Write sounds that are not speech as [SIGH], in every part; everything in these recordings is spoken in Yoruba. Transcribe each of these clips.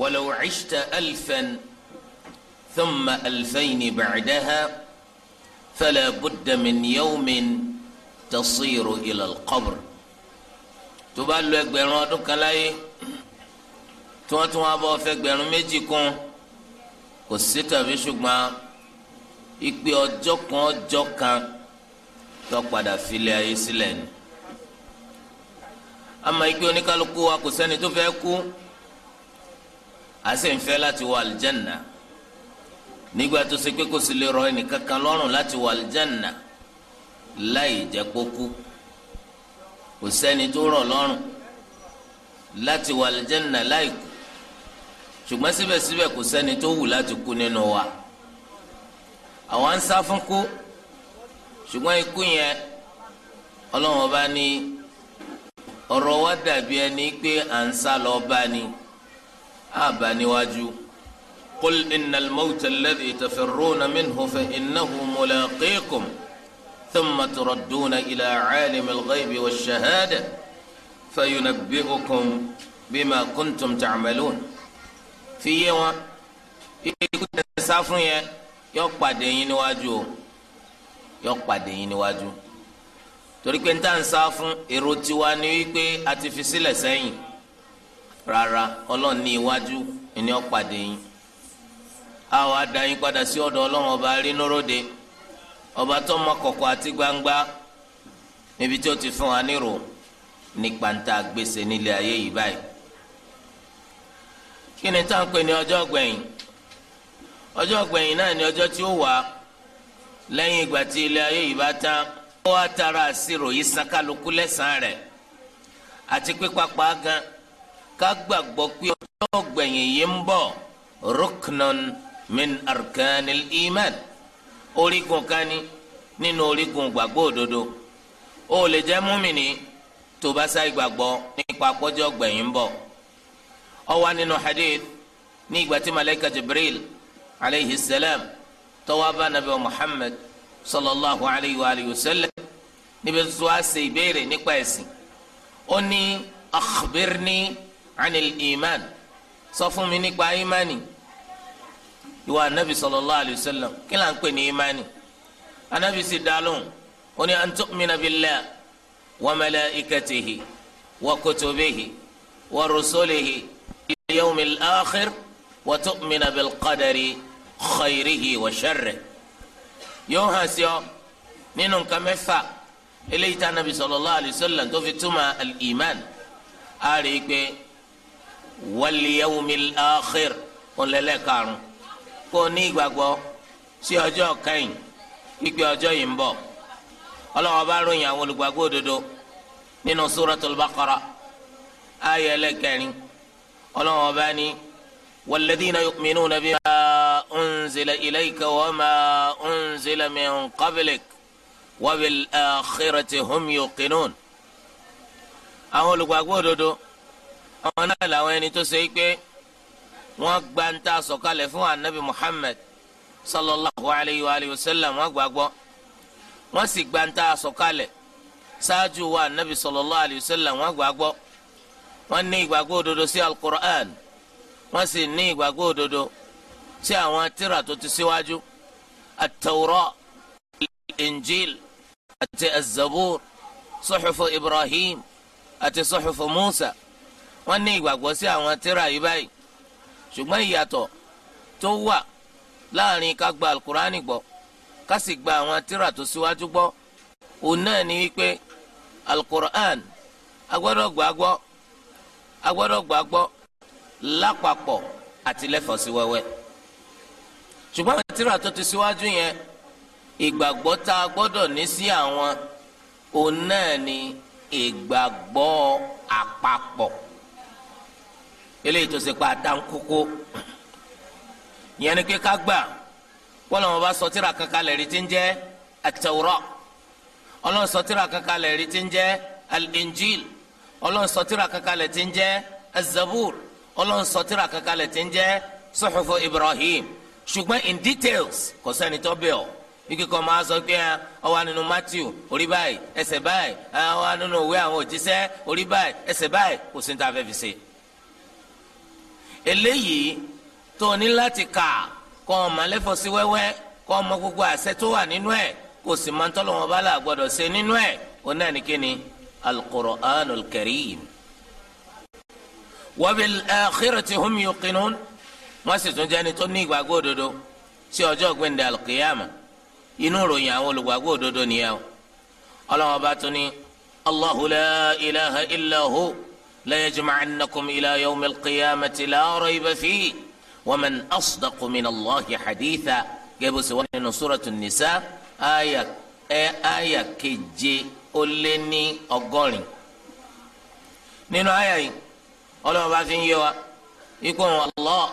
ولو عشت ألفا ثم ألفين بعدها فلا بد من يوم تصير إلى القبر tó bá lò kan láyé tí wọ́n tún wá méjì kún kò sí tàbí ṣùgbọ́n ìpè ọjọ́ kan ọjọ́ kan tó padà filẹ̀ ayé sílẹ̀ ni àmọ́ ìpè oníkálukú wa kò sẹ́ni tó fẹ́ kú a sì ń fẹ́ láti wọ aljanna nígbà tó ṣe pé kò sì lè rọ ẹnìkankan lọ́rùn láti wọ aljanna láì jẹ́ kókú kò sẹ́ni tó rọ̀ lọ́rùn láti wọ aljanna láì kú ṣùgbọ́n síbẹ̀síbẹ̀ kò sẹ́ni tó wù láti kú nínú wa àwọn ń sá fún kú ṣùgbọ́n ikú yẹn ọlọ́run ọba ní ọ̀rọ̀ wa dàbí ẹni pé à ń sá lọ bá ni àbá níwájú qul innal mawta alladhi tafirruna minhu fa innahu mulaqikum thumma turadduna ila alimil ghaybi wash shahada fayunabbi'ukum bima kuntum ta'malun fi yé wọn ikú tẹ̀ sá fún yẹn yọ pàdé yín o yọ pàdé yín níwájú torí pé n ta n sá èrò tiwa ni wípé a ti fi sílẹ̀ sẹ́yìn. rárá ọlọ́run ní iwájú ni ó yín a wá ada yín padà sí ọ̀dọ̀ ọlọ́run ọba rínúróde ọba tó mọ àti gbangba níbi tí ó ti fún wa nírò nípa ń ta gbèsè nílé ayé yìí báyìí kí ni tá ní ọjọ́ ni ọjọ́ tí ó wà ilé ayé yìí bá tara yìí lẹ́sàn-án rẹ̀ ká gbàgbọ́ pé ọjọ́ gbẹ̀yìn yìí ń bọ̀ ruknan min arkanil iman orígun kan ni nínú orígun gbàgbọ́ òdodo ó lè jẹ́ múmìnì tó bá sá ìgbàgbọ́ nípa pọ́jọ́ gbẹ̀yìn ń bọ̀ ó wà nínú hadith ní ìgbà tí malayika jibril alayhi salam tó bá nabi muhammad sallallahu alayhi wa alayhi wa sallam níbi tó wá ṣe ìbéèrè nípa ẹ̀sìn ó ní akhbirni anil iman sọ fún mi nípa imani ìwà anabi sallallahu alayhi wa sallam kí là ń pè ní imani anabi sì dálóhùn ó ní an tu'mina billahi wa malaikatihi wa kutubihi wa rusulihi wal yawmil akhir wa tu'mina bil qadari khayrihi wa sharrihi yóò hàn sí ọ nínú nǹkan mẹ́fà eléyìí tá anabi sallallahu alayhi wa sallam tó fi túmọ̀ al-iman a rí i wàlíyàwùmíl àkìr ònlẹ́lẹ̀ karùn kó ní ìgbàgbọ́ sí ọjọ́ kẹ́yìn pípé ọjọ́ yìí ń bọ̀ ọlọ́wọ́ bá ròyìn àwọn olùgbàgbọ́ òdodo nínú suratul baqara ayé ẹlẹ́kẹrin ọlọ́wọ́ bá ní wàlẹ́dínà yu'minuna bima unzila ilayka wama unzila min qablik wabil akhirati hum yuqinun àwọn olùgbàgbọ́ òdodo àwọn náà làwọn ẹni tó ṣe é pé wọ́n gba ń ta sọ̀kalẹ̀ fún anabi muhammed sallallahu alayhi wa alayhi wa sallam wọ́n gbàgbọ́ wọ́n sì gba ń ta sọ̀kalẹ̀ ṣáájú wa anabi sallallahu alayhi wa sallam wọ́n gbàgbọ́ wọ́n ní ìgbàgbọ́ òdodo sí alukur'an wọ́n sì ní ìgbàgbọ́ òdodo sí àwọn tírà tó ti síwájú atawurọ injil àti azabur sọ̀xùfù ibrahim àti sọ̀xùfù musa wọ́n ní ìgbàgbọ́ sí àwọn tíra yìí báyìí ṣùgbọ́n ìyàtọ̀ tó wà láàrin ká gba alukurani gbọ́ ká sì gba àwọn tíra tó síwájú gbọ́ òun náà ni wípé alukuran agbọ́dọ̀ gbà gbọ́ agbọ́dọ̀ gbà gbọ́ lápapọ̀ àti lẹ́fọ̀sí wẹ́wẹ́ ṣùgbọ́n àwọn tíra tó ti síwájú yẹn ìgbàgbọ́ tá a gbọ́dọ̀ ní sí àwọn òun náà ni ìgbàgbọ́ àpapọ̀ eléyìí tó ṣe pa àtàǹkókó ìyẹn ni pé ká gbà wọ́n lọ́wọ́ bá sọ tírà kankan lẹ́rìí tí ń jẹ́ àtẹ̀wúrọ̀ ọlọ́run sọ tírà kankan lẹ́rìí tí ń jẹ́ al-injil ọlọ́run sọ kankan lẹ́rìí tí ń jẹ́ az ọlọ́run sọ kankan lẹ́rìí tí ń jẹ́ suhufu ibrahim ṣùgbọ́n in details kò sẹ́ni tó bẹ̀ ọ́ ike kan máa sọ pé ó ah, wà matthew orí báyìí ẹsẹ̀ báyìí ó ah, wà nínú òwe àwọn òjíṣẹ́ orí kò sí ní fi ṣe eléyìí tó ní láti kà kọ́ ọmọ lẹ́fọ̀ sí wẹ́wẹ́ kọ́ ọmọ gbogbo àṣẹ tó wà nínú ẹ̀ kò sì máa ń tọ́lọ̀ wọn bá là gbọ́dọ̀ ṣe nínú ẹ̀ ó náà ní kíni al-Qur'anul Karim. wa bil akhirati hum yuqinun wọ́n sì tún jẹ́ni tó ní ìgbàgbọ́ òdodo sí ọjọ́ gbẹ̀ndẹ̀ al inú ròyìn àwọn olùgbàgbọ́ òdodo nìyẹn o ọlọ́wọ́n bá tún ní Allahu la ilaha illa لا يجمعنكم إلى يوم القيامة لا ريب فيه ومن أصدق من الله حديثا جابوا سواء سورة النساء آية آية كجي أوليني أقولي نينو آية أولو بافين يوا يكون الله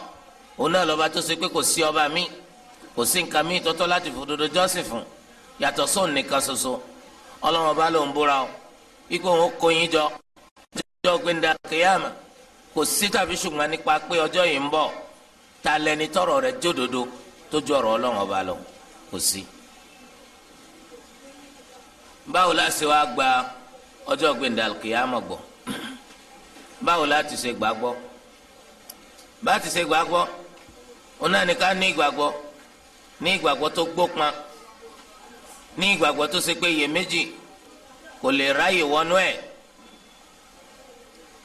هنا lọba tó ṣe pé kò sí ọba mi kò sí nǹkan mi tọ́tọ́ láti fòdodo jọ́sìn fún ló ń búra o ikú òun kò yín jọ ọjọ́ gbẹ̀ndà kéyàmà kò sí tàbí ṣùgbọ́n nípa pé ọjọ́ yìí ń bọ̀ ta lẹni tọrọ rẹ jódodo tó ju ọlọrọ ọlọ́run ọba lọ kò sí. báwo la ṣe wá gba ọjọ́ gbẹ̀ndà kéyàmà gbọ́ [CLEARS THROAT] báwo la ti ṣe gbàgbọ́ bá ti ṣe òun náà ká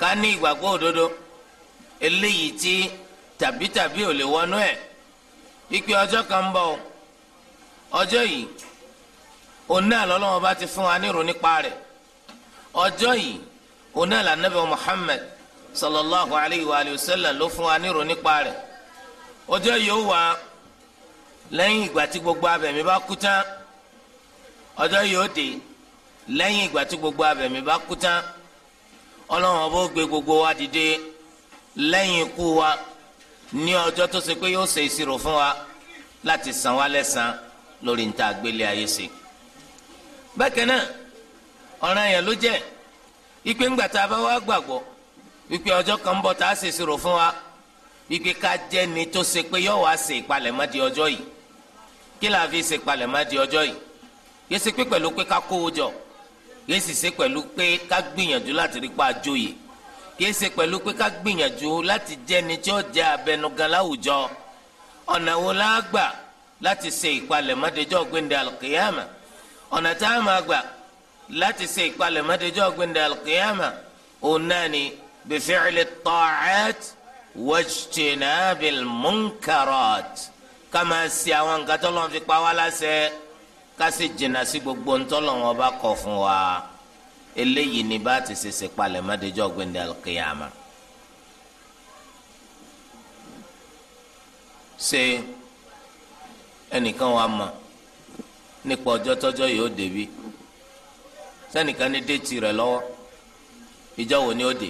ká ní ìgbàgbọ́ òdodo eléyìí tí tàbítàbí ò lè wọnú ẹ̀ ìpè ọjọ́ kan ń bọ̀ ọjọ́ yìí òun náà lọ́lọ́wọ́ bá ti fún wa nírò nípa rẹ̀ ọjọ́ yìí òun náà lànàbí sallallahu alayhi wa sallam ló fún wa nírò nípa rẹ̀ ọjọ́ yìí ó wà lẹ́yìn ìgbà tí gbogbo abẹ̀mí bá kú tán ọjọ́ yìí ó dé lẹ́yìn ìgbà tí gbogbo abẹ̀mí bá kú tán. ọlọ́run ọba ó gbé gbogbo wa dìde lẹ́yìn ikú wa ní ọjọ́ tó ṣe pé yóò ṣe ìṣirò fún wa láti san wá lẹ́san lórí níta gbélé ayé ṣe. bákan náà ọ̀ràn yẹn ló jẹ́ ipe ńgbà tá gbàgbọ́ ìpè ọjọ́ kan bọ̀ tá wa ká ni tó ṣe pé yóò wá ṣe ìpalẹ̀mọ́ di ọjọ́ yìí kí fi ṣe ìpalẹ̀mọ́ di ọjọ́ yìí kìí sì ṣe pẹ̀lú pé ká gbìyànjú láti rí pa àjòyè kìí ṣe pẹ̀lú pé ká gbìyànjú láti jẹ́ni tí ó jẹ́ abẹnugan láwùjọ ọ̀nà wo la gbà láti ṣe ìpalẹ̀mọ́déjọ́ gbẹ̀ndẹ̀ alùkìyàmà ọ̀nà tá a máa gbà láti ṣe ìpalẹ̀mọ́déjọ́ gbẹ̀ndẹ̀ alùkìyàmà òun náà ni bi fi'li ta'at wajtinabil munkarat àwọn nǹkan tó lọ́n fi pa wá láṣẹ Kasi jìnnà sí gbogbo ntọ́lọ́wọ́n bá kọ̀ fún wa eléyìí ni bá ti ṣèṣe palẹ̀ mọ́dẹ́jọ́ gbẹ̀ndẹ̀ al-qiyama. ṣe ẹnìkan wa mọ̀ nípa ọjọ́ tọ́jọ́ yóò débi sẹ́nìkan ní déètì rẹ̀ lọ́wọ́ ìjọ wo ni ó dé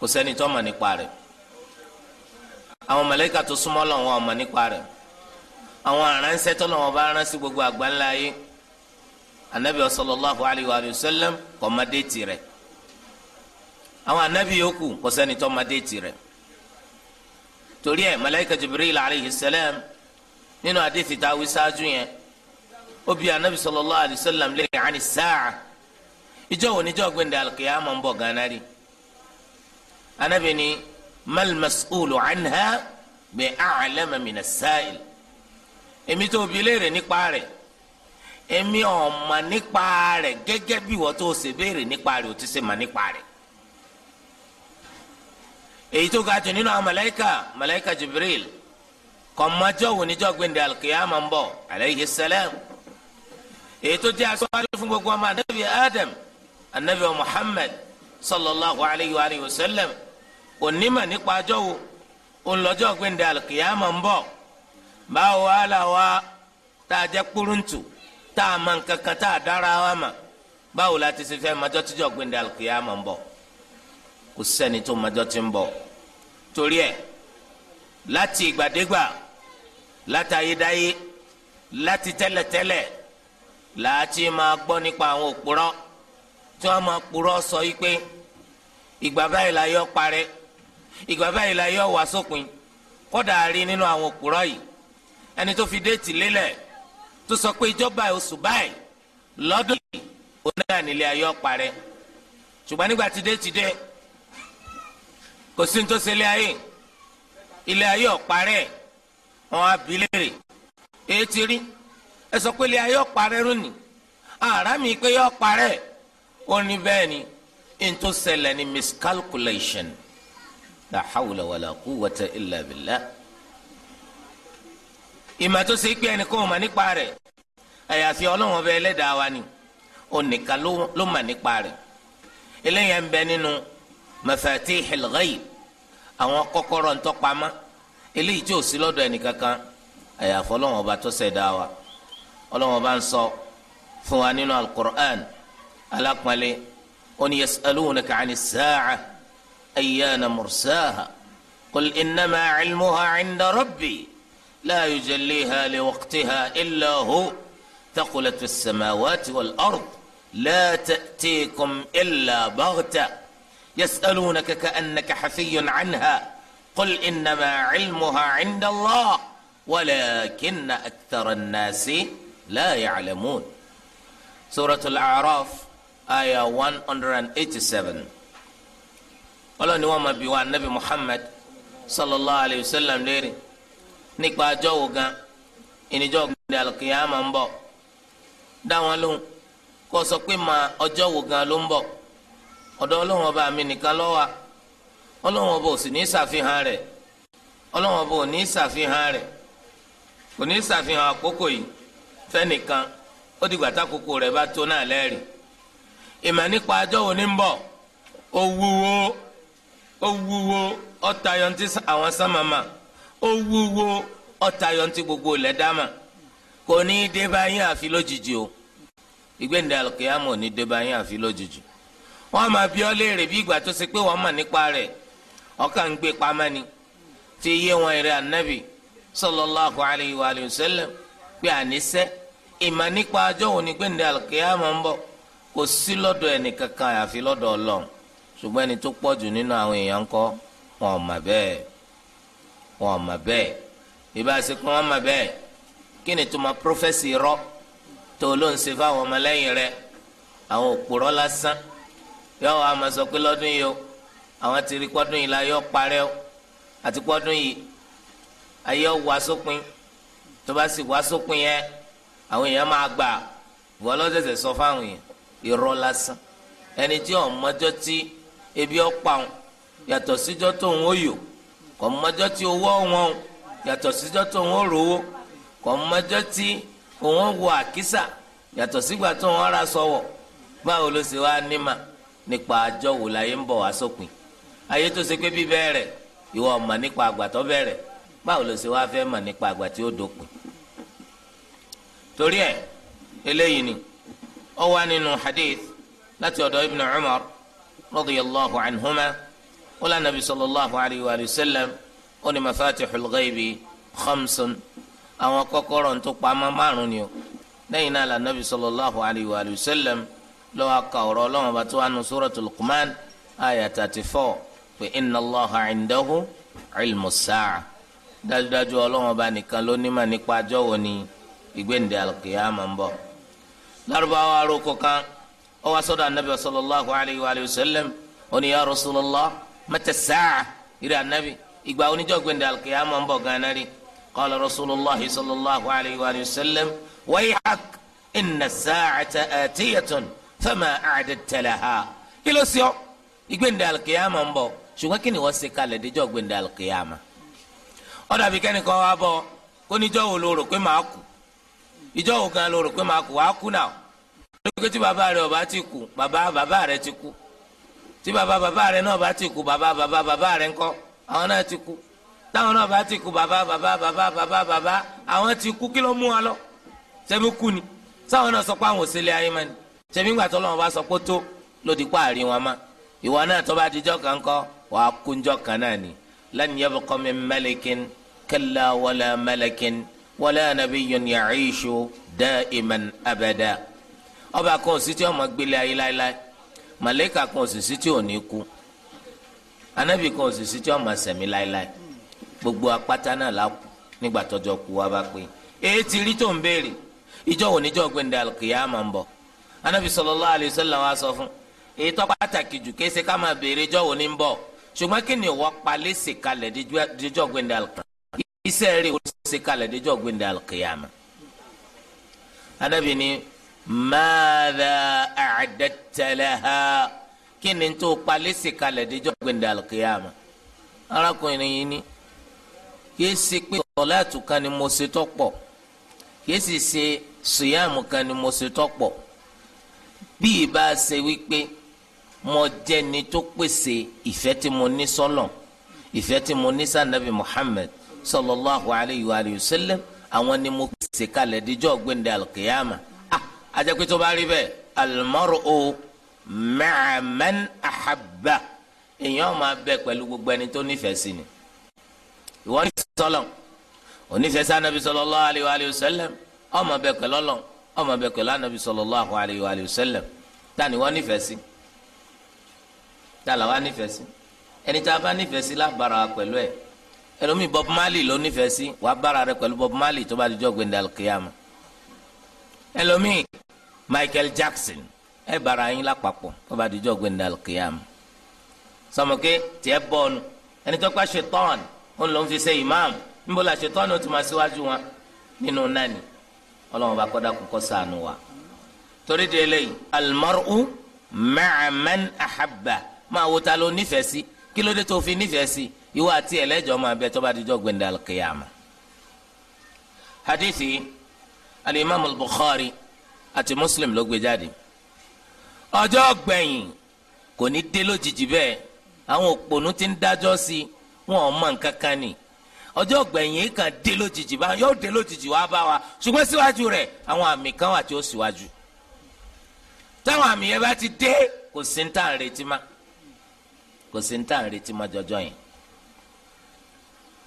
kò sẹ́ni tó mọ̀ nípa rẹ̀ àwọn màláíkà tó súnmọ́ lọ́wọ́ ọmọ nípa rẹ̀ àwọn aránṣẹ́ tọ́lọ́wọ́n bá ránṣẹ́ gbogbo àgbáńlá yìí anabi sallallahu alayhi wa sallam kò má déètì rẹ̀ àwọn anabi yòókù kò sẹ́ni tó má déètì rẹ̀ torí ẹ̀ malayika jibril alayhi salam nínú àdéhìí tá a wí sáájú yẹn ó bi anabi sallallahu alayhi wa sallam léèrè àni sáà ìjọ wo níjọ gbẹndẹ alikiyama ń bọ̀ gánà rí anabi ni mal mas'ulu anha bi a'lama mina sa'il èmi tó bi léèrè nípa rẹ̀ èmi ọ̀mà nípa rẹ̀ gẹ́gẹ́ bí wọ́n tó ṣe béèrè nípa rẹ̀ ò ti ṣe mà nípa rẹ̀ èyí tó ga jù nínú àwọn màláíkà màláíkà Jibril kọ̀mọ́jọ́ wò níjọ́ gbẹ̀ndẹ̀ alkiyama ń bọ̀ aleyhi salam èyí tó jẹ́ aṣọ́wájú fún gbogbo ọmọ anabi Adam anabi Muhammad sallallahu alayhi wa sallam onímọ̀ nípa ajọ́ wo gbẹ̀ndẹ̀ alkiyama ń bọ̀. báwo wàhálà wá. tá a jẹ́ kúrúntù tá a ma. nǹkan kan tá a dára wa ma báwo la ti ṣe fẹ́ mọjọ́ tíjọ́ gbẹ̀ndẹ̀ àlùkìyámà ń bọ̀ kò sẹ́ni tó mọjọ́ ti ń bọ̀ torí ẹ̀ láti ìgbàdégbà látayédáyé láti tẹ́lẹ̀tẹ́lẹ̀ láti máa gbọ́ nípa àwọn òpùrọ́ tí wọ́n máa purọ́ sọ yìí pé ìgbà báyìí la yọ parẹ́ ìgbà báyìí la yọ wá sópin kódà rí nínú àwọn òpùrọ́ yìí ẹni tó fi déètì lélẹ̀ tó sọ pé ìjọba oṣù báyìí lọ́dún yìí onáà nílé ayé ọ̀parẹ́ ṣùgbọ́n nígbà tí déètì dé kò sí ní tó ṣe ilé ayé ilé ayé ọ̀parẹ́ wọn abilérè èyí ti rí ẹ sọ pé ilé ayé ọ̀parẹ́ rún ara mi pé yọ ọ̀parẹ́ ó ní bẹ́ẹ̀ ni ní ni miscalculation la hawla wala quwwata illa billah ìmọ̀ tó ṣe pé ẹnìkan ò mà nípa rẹ̀ àyàfi ọlọ́run ọba ẹlẹ́dàá wa ni onìkan ló mà nípa rẹ̀ eléyà ń bẹ nínú mafatihil ghaib àwọn kọ́kọ́rọ́ ń tọ́pamọ́ eléyìí tí ò sí lọ́dọ̀ ẹnìkankan àyàfi ọlọ́run ọba tó ṣẹ̀dá wa ọlọ́run ọba ń sọ fún wa nínú alukur'an alápọ̀nlé oní yasalunaka ani saaca ayyana mursaha qul innama cilmuha cinda rabbi. لا يجليها لوقتها إلا هو ثقلت في السماوات والأرض لا تأتيكم إلا بغتة يسألونك كأنك حفي عنها قل إنما علمها عند الله ولكن أكثر الناس لا يعلمون سورة الأعراف آية 187 ọlọ́ni wọn máa bi محمد صلى الله عليه وسلم wa nípa ọjọ́ wo gan ìníjọ́ gbẹ̀dẹ̀ àlùkìyámà ń bọ̀ dá wọn lóhùn kó sọ pé mà ọjọ́ wo gan ló ń bọ̀ ọ̀dọ̀ ọlọ́run ọba mi nìkan ló wà ọlọ́run ọba ò sì ní ṣàfihàn rẹ̀ ọlọ́run ọba ò ní ṣàfihàn rẹ̀ kò ní ṣàfihàn àkókò yìí fẹ́nìkan ó dìgbà tákòókò rẹ̀ bá tó náà lẹ́rìí ìmọ̀ nípa ọjọ́ wo ní ń bọ̀ ó wúwo ó wúwo ó tayọ ní ti àwọn sámàmà. Owuwo wúwo ọ̀tayọ gbogbo lẹ̀ dama. kò ní í dé báyìí àfi lójijì o ìgbéǹde àlùkìyàmọ̀ ò ní í dé báyìí àfi lójijì wọ́n máa bi ọ́ léèrè bí ìgbà tó ṣe pé wọ́n mọ̀ nípa rẹ̀ ọkàn gbé pamọ́ ni wọn sallallahu alayhi wa sallam pé àníṣẹ́ ìmọ̀ nípa òní ń kò sí lọ́dọ̀ àfi lọ́dọ̀ ọlọ́run ṣùgbọ́n ẹni tó wọn mà bẹ́ẹ̀ ìbá ṣe kí wọn mà bẹ́ẹ̀ kí ni tó ma prọfẹsì rọ tó ló ń ṣe fáwọn ọmọlẹ́yìn rẹ̀ àwọn òpùrọ́ lásán yóò wá máa sọ pé lọ́dún yìí o àwọn ti rí pọ́dún yìí la yóò parẹ́ o àti pọ́dún yìí ayé wá sópin tó bá sì wá sópin yẹn àwọn èèyàn máa gbà wọ́n lọ́sẹ̀sẹ̀ sọ fáwọn yẹn irọ́ lásán ẹni tí ọ̀mọ́jọ́ tí ebi ọ̀pá yàtọ̀ síjọ́ tóun ó yò. kò mọjọ́ tí owó wọn yàtọ̀ síjọ́ tó wọn rówó kò mọjọ́ tí òun wọ àkísà yàtọ̀ sígbà tó wọn ra sọ̀wọ̀ báwo ló ṣe wá nímà nípa àjọ wò láyé ń bọ̀ wá sópin ayé tó ṣe pé bí bẹ́ẹ̀rẹ̀ ìwọ mọ̀ nípa àgbà tó báwo ló ṣe fẹ́ nípa wọn lé anabi sallallahu alayhi wa sallam ó ní mafatihul ghaibi khamsun àwọn kọ́kọ́rọ́ tó pamọ́ márùn ni o lẹ́yìn náà la anabi sallallahu alayhi wa sallam lọ́wọ́ ka ọ̀rọ̀ ọlọ́wọ́n bá tó wà nù suratul Luqman ayat thirty four pé inna Allaha indahu ilmu sa'a dájúdájú ọlọ́wọ́n bá nìkan ló ní mà nípa ajọ́ wo ni ìgbéǹde alqiyama ń bọ̀ lárúbáwá arókò kan ó wá sọ́dọ̀ anabi sallallahu alayhi wa sallam ó ní ya rasulallah mẹtẹsáà ìrẹ anabi ìgbà oníjọ gbẹndẹ alikiyama ń bọ̀ ganan rí qala rasulillahi sallallahu alayhi wa sallam wayhak inna saacata atiyatun fama acdadtalaha kí ló sọ ìgbẹndẹ alikiyama ń bọ̀ ṣùgbọ́n kí ni wọ́n ṣe kalẹ̀ díjọ́ gbẹndẹ alikiyama ó dàbí kẹ́nìkan wá bọ̀ kó níjọ́ wo lo rò pé màá kú ìjọ́ wo gan lo rò pé màá kú wàá kú náà lókè tí bàbá rẹ ọba ti kú bàbá bàbá rẹ ti kú tí bàbá bàbá rẹ náà bá ti kú bàbá bàbá bàbá rẹ ńkọ́ àwọn náà ti kú táwọn náà bá ti kú bàbá bàbá bàbá bàbá bàbá àwọn ti kú kí ló mú wa lọ ṣebí kú ni sáwọn náà sọ pé àwọn òsèlè ayé máa ni ṣebí ńgbà tó lọ́wọ́ bá sọ pé tó lòdì pa àrí wọn ma ìwọ náà tó bá dijọ́ kan kọ́ wàá kú njọ́ kan náà ni lan yabqa min malikin kalla wala malikin wala nabiyyun ya'ishu da'iman abada ọba kan òsì tí wọn mọ gbélé ayé láéláé màlẹ́kà kan osisi tí o ní kú anábì kan tí ma láéláé gbogbo apáta náà la kú nígbà tọ́jọ́ wa bá pé èyí ti rí tó ń béèrè ìjọ wò níjọ gbẹ̀ndẹ̀ àlùkìyà ń bọ̀ wa sọ fún pàtàkì jù kése ká máa béèrè ìjọ wò ní ṣùgbọ́n kí ni palẹ̀ maada acadatalaha kí ni tó palẹ́sì kalẹ̀ díjọ́ gbẹ̀ndẹ̀ alkiyama arákùnrin yìí ni kìí ṣe pé sọláàtù kan ni mo ṣe tọ́pọ̀ kìí sì ṣe sùyàmù kan ni mo ṣe tọ́pọ̀ bí ìbá ṣe wípé mo jẹ́ ni tó pèsè ìfẹ́ tí mo ní sọ́lọ̀ ìfẹ́ tí mo ní sànàbì Muhammad sallallahu alayhi wa sallam àwọn ni mo pèsè kalẹ̀ díjọ́ gbẹ̀ndẹ̀ alkiyama ajẹ́pẹ́ tó bá rí bẹ́ẹ̀ almar'u ma'a man ahabba èèyàn máa bẹ pẹ̀lú gbogbo ẹni tó nífẹ̀ẹ́ sí ni ìwọ ní sọlọ onífẹ̀ẹ́ sí anabi sallallahu alayhi wa sallam ó máa bẹ pẹ̀lú Ọlọ́run ó máa bẹ pẹ̀lú anabi sallallahu alayhi wa sallam tá ni wọ́n nífẹ̀ẹ́ sí tá làwọn nífẹ̀ẹ́ sí ẹni tá a bá nífẹ̀ẹ́ sí lábàárà pẹ̀lú ẹ̀ ẹlòmíì Bob Marley ló nífẹ̀ẹ́ sí wàá bára rẹ pẹ̀lú Bob Marley tó bá di jọ́ gbẹ̀ndàlùkìyàmù ẹlòmíì Michael Jackson ẹ bára yín lápapọ̀ ó bá dijọ́ gbẹ̀ndà kìyàm sọmọkẹ́ tiẹ̀ bọ́ọ̀nù ẹni tó pa ṣetán ó ló ń fi ṣe imam níbo la ṣetán ó ti máa ṣíwájú wọn nínú nani ọlọ́run bá kọ́dá kó kọ́ sànù wa torí de eléyìí almaru ma'aman ahabba máa wo ta ló nífẹ̀ẹ́ sí kí ló dé tó fi nífẹ̀ẹ́ sí ìwọ àti ẹlẹ́jọ́ máa bẹ tó bá dijọ́ gbẹ̀ndà kìyàm hadithi alimami bukhari àti muslim ló gbé jáde ọjọ́ gbẹ̀yìn kò ní dé lójijì bẹ́ẹ̀ àwọn òpònú ti ń dájọ́ sí wọn ò mọ nǹkan kan ni ọjọ́ gbẹ̀yìn yìí kan dé lójijì bá yóò dé lójijì wá bá wa ṣùgbọ́n síwájú rẹ̀ àwọn àmì kan wà tí ó síwájú táwọn àmì yẹn bá ti dé kò sí ní tàn retí má kò sí ní tàn retí má jọjọ yẹn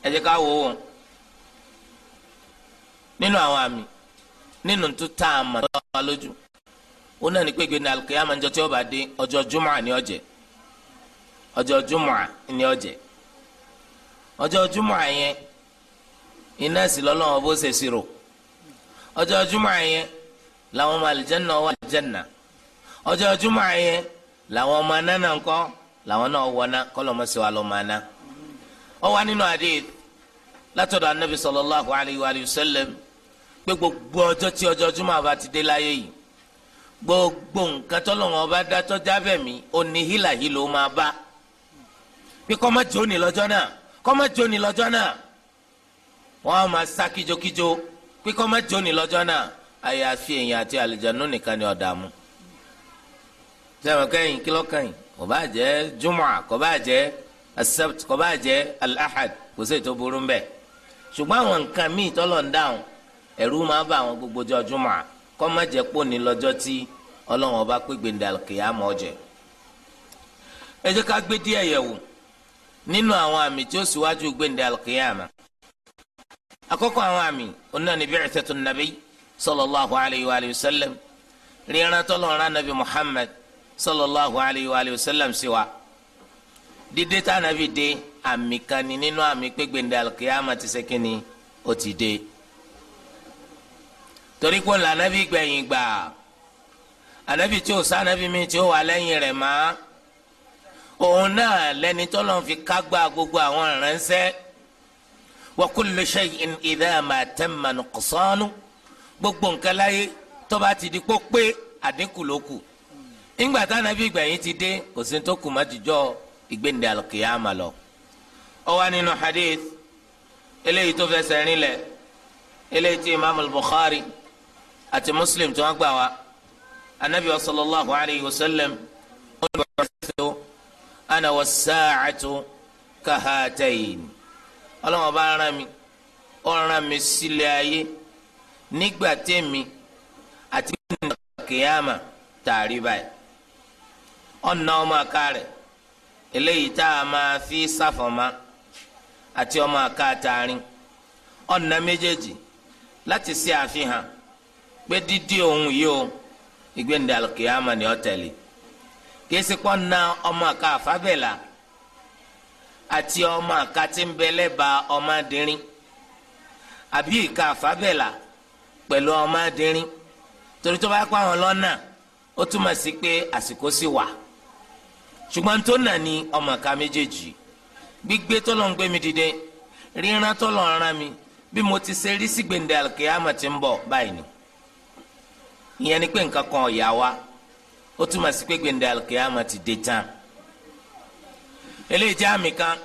ẹ jẹ́ ká wò ó nínú àwọn àmì. nínú tuta ama a mọ̀ lọ́wọ́ lójú ó náà ní pé gbé ní alùkìyàmà ńjọ́ tí ó bá dé ọjọ́ jùmọ̀ ní ọ̀jẹ̀ ọjọ́ jùmọ̀ ní ọ̀jẹ̀ ọjọ́ jùmọ̀ yẹn iná sì lọ́lọ́wọ́ bó ṣe ṣirò ọjọ́ jùmọ̀ yẹn làwọn ọmọ àlìjẹ́nà wà àlìjẹ́nà ọjọ́ jùmọ̀ yẹn làwọn ọmọ anáná ńkọ́ làwọn náà wa lọ́mọ aná ọ wá nínú àdéhìí látọ̀dọ̀ anábì pé gbogbo ọjọ́ tí ọjọ́ júmọ̀ àbá ti dé láyé yìí gbogbo nǹkan tọ́lọ́wọ́n ọba dátọ́ jábẹ̀ mí òní hílàhí ló máa bá bí kọ́má jó ni lọ́jọ́ náà kọ́má jó ni lọ́jọ́ náà wọ́n á máa sá kíjokíjo pé kọ́má jó ni lọ́jọ́ náà àyàfi èèyàn àti àlùjánu nìkan ni ọ̀dààmú sẹ́wọ̀n kẹ́yìn kí lọ́kàn yìí kò bá jẹ́ júmọ̀ kò bá jẹ́ accept kò bá jẹ́ alahad kò sí ètò burú mbẹ́ ṣùgbọ́n àwọn nǹkan míì tọ́lọ̀ ń dáhùn ẹ̀rú máa bá àwọn gbogbo jọjúmọ́ à kọ́ má jẹ́ pò ní lọ́jọ́ tí ọlọ́run ọba pé gbèndàlùkè á mọ̀ jẹ. ẹ jẹ́ ká gbé díẹ̀ yẹ̀wò nínú àwọn àmì tí ó síwájú gbèndàlùkè àwọn àmì sallallahu wa sallam ríran tọ́lọ́run anabi muhammad sallallahu alayhi wa sallam sí wa. dídé dé àmì kan nínú àmì pé ti torí pé ńlá anabi gbẹ̀yìn gbà anabi tí ó sá anabi mi tí ó wà lẹ́yìn rẹ̀ mọ́ òun náà lẹni tọ́lọ́n fi kágbá gbogbo àwọn ìránṣẹ́ wa kullu shay'in idha ma tamma nuqsanu gbogbo nǹkan láyé tó bá ti di pópé àdínkù ló kù ńgbà tá anabi gbẹ̀yìn ti dé kò sí tó kù má ìgbéǹde al-qiyama lọ. ó nínú hadith eléyìí tó fẹsẹ̀ rinlẹ̀ eléyìí tí imaamu bukhari àti muslim tí wọ́n gbà wá anabi wa sallallahu alayhi wa sallam ó ní bàtàtò ana wa sa'atu kahatayin ọlọ́wọ́n bá rán mi ó rán mi sílẹ̀ ayé nígbà tèmi àti nígbà kìyàmà tààrí báyìí ọ̀nà ọmọ àká eléyìí tá a máa fi sáfọ̀mà àti ọmọ àká tààrin ọ̀nà méjèèjì láti ṣe àfihàn. pé didi ohun yi o ìgbéǹde alùkìyàmà ni ọ tẹ̀lé na ọmọ àka àfábẹ́là ati ọmọ àka ti ń bẹ lẹ́bàá ọmọ adìrin àbí ìka àfábẹ́là pẹ̀lú ọmọ adìrin torí tó bá pa àwọn lọ́nà ó túmọ̀ sí pé àsìkò sì wà ṣùgbọ́n tó nà ní ọmọ àka méjèèjì gbígbé tó lọ ń gbé mi dìde ríran tó lọ ń rán mi bí mo ti ṣe rí sí gbèǹde alùkìyàmà ti ń bọ̀ báyìí ni. ìyẹn ni pé nǹkan kan ọ̀yà wa ó túmọ̀ sí pé gbẹ̀ndẹ̀ alkiyama ti dé tán eléyìí jẹ́ àmì kan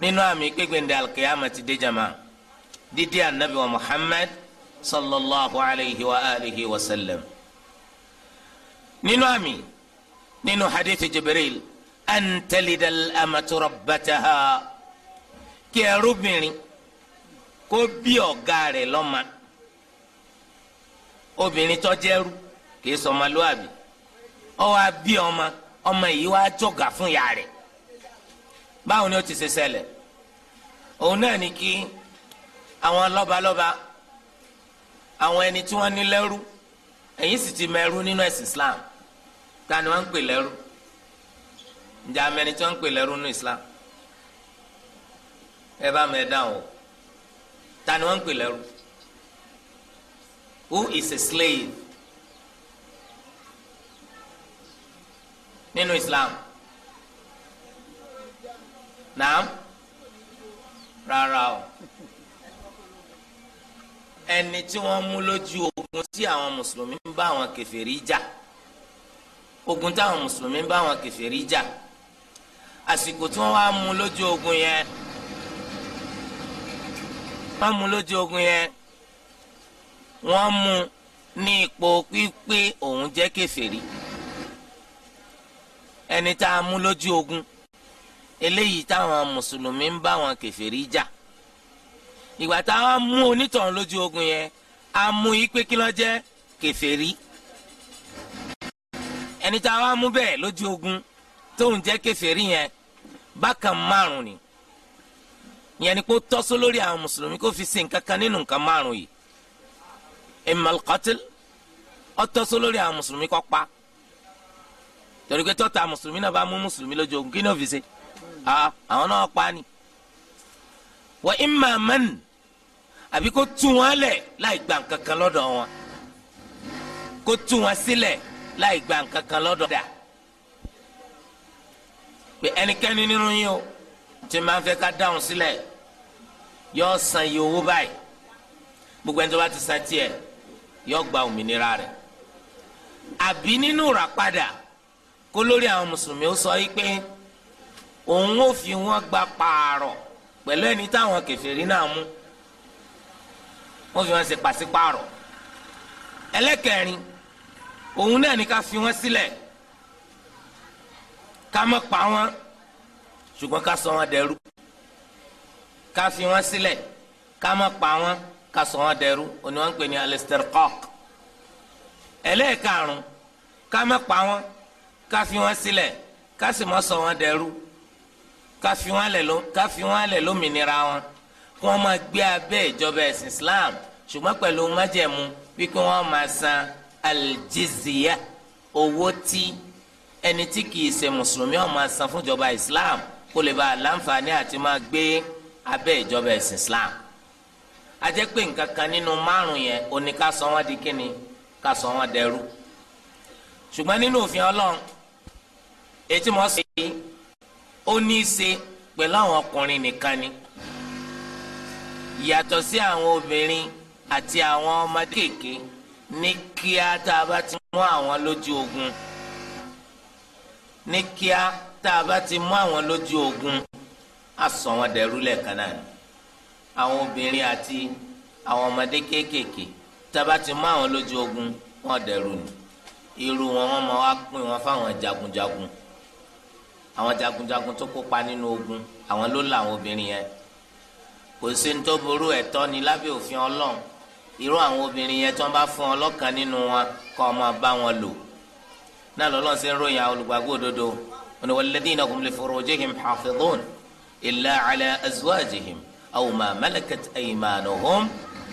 nínú àmì pé gbẹ̀ndẹ̀ alkiyama ti dé jama dídí anabi wa muhammad sallallahu alayhi wa alihi wa sallam nínú àmì nínú hadith jibril antalidal amatu rabbataha kí ẹrúbìnrin kó bí ọ̀gá rẹ̀ lọ́mọ obìnrin tó jẹ́rú kìí sọmọlúàbí ó wá bí ọmọ ọmọ yìí wá jọ̀gà fún ìyá rẹ̀ báwo ni ó ti ṣe ṣẹlẹ̀ òun náà ni kí àwọn lọ́balọ́ba àwọn ẹni tí wọ́n ní lẹ́rú ẹ̀yin sì ti mẹ́rú nínú ẹ̀sìn Islam ta ni wọ́n ń pè lẹ́rú ǹjẹ́ amẹni tí wọ́n ń pè lẹ́rú nínú Islam ẹ bá mi ẹ dáhùn ta ni wọ́n ń pè lẹ́rú who is a slave nínú Islam naam rárá o ẹni tí wọ́n mú lójú ogun tí àwọn mùsùlùmí ń bá àwọn kèfèrí jà ogun tí àwọn mùsùlùmí ń bá àwọn kèfèrí jà àsìkò tí wọ́n wá mú lójú ogun yẹn wọ́n mú lójú ogun yẹn. wọ́n mú ní ipò pípé òun jẹ́ kèfèrí ẹni tá a mú lójú ogun eléyìí táwọn mùsùlùmí ń bá wọn kèfèrí jà ìgbà táwọn mú onítọ̀hún lójú ogun yẹn a mú ipe kí ló jẹ́ kèfèrí ẹni táwọn mú bẹ́ẹ̀ lójú ogun tóun jẹ́ kèfèrí yẹn bákan márùn ni ìyẹn ni kó tọ́sọ lórí àwọn mùsùlùmí kó fi ṣe nǹkan kan nínú nǹkan márùn yìí imal qatil ọtọ́ sọ lórí àwọn mùsùlùmí kọ́ pa torí pé tọ́ta mùsùlùmí náà bá mú mùsùlùmí lójú ogun kí ni ó fi ṣe àwọn náà pa ni. wọ́n imma man àbí kó tú wọn lẹ̀ láì gba nǹkan kan lọ́dọ̀ wọn kó tú wọn sílẹ̀ láì gba nǹkan kan lọ́dọ̀ dà pé ẹnikẹ́ni nínú yín o tí máa fẹ́ ká dáhùn sílẹ̀ yóò san iye owó báyìí gbogbo ẹni tó bá ti san tiẹ̀ yóò gba òmìnira rẹ̀ àbí nínú ràpadà kó lórí àwọn mùsùlùmí ó sọ yìí pé òun ó fi wọn gba pààrọ̀ pẹ̀lú ẹni táwọn kèfèrí náà mú wọ́n fi wọn ṣe pàṣípààrọ̀ ẹlẹ́kẹrin òun náà ní ká fi wọn sílẹ̀ ká má pa wọn ṣùgbọ́n ká sọ wọn dẹrú ká fi wọn sílẹ̀ ká má pa wọn ká sọ wọn dẹrú òní wọn ń pè ní alistirqaq ẹlẹ́ẹ̀karùn ká má pa wọn ká fi wọn sílẹ̀ ká sì má sọ wọn dẹrú ká fi wọn lẹ̀ lómìnira wọn kí wọ́n máa gbé abẹ́ ìjọba ẹ̀sìn Islam ṣùgbọ́n pẹ̀lú májẹ̀mú wípé wọ́n máa san aljizya owó tí ẹni tí kìí ṣe mùsùlùmí ó máa san fún ìjọba Islam kó lè bá a láǹfààní àti máa gbé abẹ́ ìjọba ẹ̀sìn Islam ajẹ́ pé nǹkan kan nínú márùn yẹn òní ká sọ wọ́n di kíni ká sọ wọ́n dẹrú ṣùgbọ́n nínú òfin ọlọ́run etí mo sì ó ní í ṣe pẹ̀lú àwọn ọkùnrin nìkan ni yàtọ̀ sí àwọn obìnrin àti àwọn ọmọdé kéèké ní kíá tá a bá ti mú àwọn lójú ogun ní kíá tá a bá ti mú àwọn lójú ogun a sọ wọ́n dẹrú lẹ́ẹ̀kan náà ni àwọn obìnrin àti àwọn ọmọdé kéékèèké tába ti mú àwọn lójú ogun wọn dẹrù ni irú wọn wọn máa wá pín wọn fáwọn jagunjagun àwọn jagunjagun tó kópa nínú ogun àwọn ló la àwọn obìnrin yẹn kò sí ní tó burú ẹ̀tọ́ ni lábẹ́ òfin Ọlọ́run irú àwọn obìnrin yẹn tó ń bá fún ọ nínú wọn kọ́ ọ bá wọn lò náà lọ́lọ́run ṣe ń ròyìn àwọn olùgbàgbọ́ òdodo wọn ni walladhina hum li furujihim hafidhun illa ala azwajihim aw ma malakat aymanuhum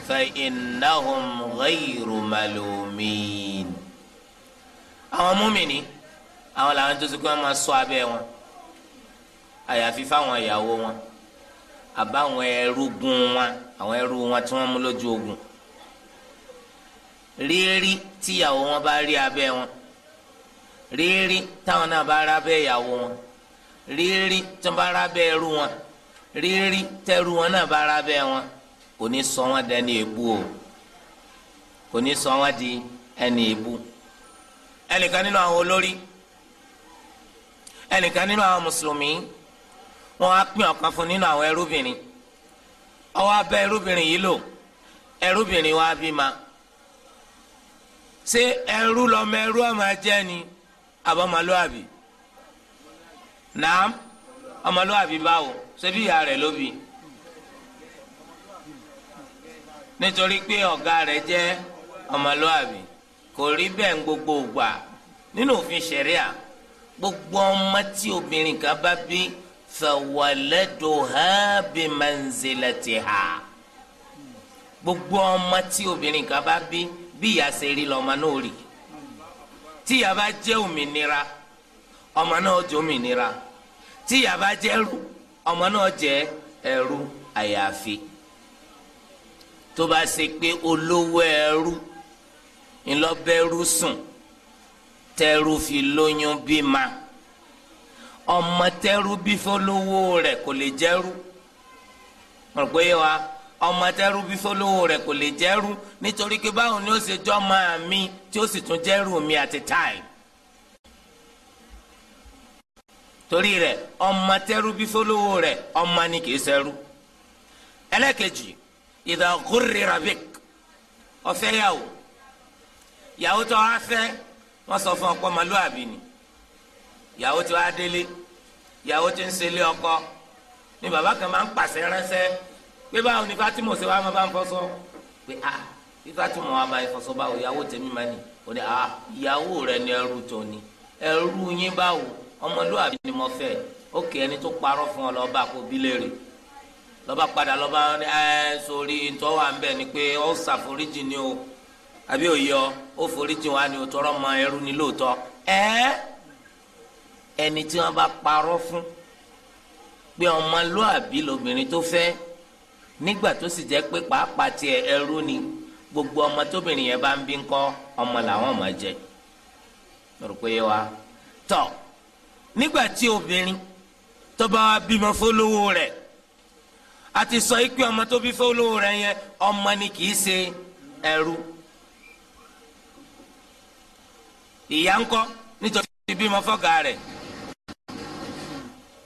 fa innahum ghayru malumin. àwọn múmìnì àwọn làwọn tó ti máa ṣọ́ abẹ́ wọn àyàfi fáwọn ìyàwó wọn àbáwọn ẹrúgun wọn àwọn ẹrú wọn tí wọ́n mú lójú ogun rírí tíyàwó wọn bá rí abẹ́ wọn rírí táwọn náà bá rábẹ́ ìyàwó wọn rírí tí wọ́n bá rábẹ́ ẹrú wọn Riri tẹrù wọn náà bára bẹ́ẹ̀ wọn kò ní sọ wọn di ẹni èbú o kò ní sọ wọn di ẹni èbú ẹnìkan nínú àwọn olórí ẹnìkan nínú àwọn mùsùlùmí wọn á pín ọ̀kan fún nínú àwọn ẹrúbìnrin ọwọ́ abẹ ẹrúbìnrin yìí lò ẹrúbìnrin wa bímọ ṣé ẹrú lọmọ ẹrú ọmọ ajẹ ni àbọmọlúàbí nàám ọmọlúàbí báwo ṣebí ìyá rẹ̀ ló bí nítorí pé ọ̀gá rẹ̀ jẹ́ ọmọlúwàbí kò rí bẹ́ẹ̀ ń gbogbo ògbà nínú òfin ṣẹ̀ríà gbogbo ọmọ tí obìnrin kan bá bí fawaladuha bimanzilatiha gbogbo ọmọ tí obìnrin kan bá bí bí ìyá ṣe rí lọ́mọ náà rí tí ìyá òmìnira ọmọ náà jẹ́ òmìnira tí ìyá bá ọmọ náà jẹ́ ẹrú àyàfi tó bá ṣe pé olówó ẹrú ńlọbẹrú sùn tẹrú fi lóyún bímá ọmọ tẹrú bí fọlówó rẹ̀ kò lè jẹrú mọ̀ pé wa ọmọ tẹrú bí fọlọ́wọ́ rẹ̀ kò lè jẹ́rú nítorí pé báwo ni ó ṣe jọ́ máa mi tí ó sì tún jẹ́rú mi àti táì torí rẹ ọmọ tẹ́rú bí fọlọ́wọ́ rẹ ọmọ ni kì í sẹ́rú ẹlẹ́kejì ìdá gúrì rabik ọ̀fẹ́ yàwó yàwó tó wá fẹ́ wọ́n sọ fún ọkọ ọmọlúwàbí ni yàwó tó wá délé yàwó tó ń ọkọ ni bàbá kan máa ń pàṣẹ ránṣẹ́ pé ni Fatima máa a ah, bí Fatima máa ń báwo yàwó ni a yàwó rẹ ni ẹrú ni ẹrú yín báwo ọmọlúwàbí ni mo fẹ́ ó kẹ́ ẹni tó parọ́ fún ọ lọ́ba kó bí léèrè lọ́ba padà lọ́ba ẹ sórí ntọ́wà ń bẹ̀ ni pé ó ṣàforíjì ni o àbí òye ọ ó foríjì wa ni o tọrọ mọ ẹrú ni lóòótọ́ ẹ ẹni tí wọ́n bá parọ́ fún pé ọmọlúwàbí lobìnrin tó fẹ́ nígbà tó sì jẹ́ pé pàápàá tiẹ̀ ẹrú ni gbogbo ọmọ tóbìnrin yẹn bá ń bí ńkọ́ ọmọ làwọn ọmọ jẹ lórí pé wa tọ́. nígbà tí obìnrin tó bá wá bímọ fólówó a ti sọ ikú ọmọ tó bí fólówó rẹ̀ yẹn ọmọ ni kì í ṣe ẹrú ìyá ńkọ́ nítorí ti bímọ fọ́gà rẹ̀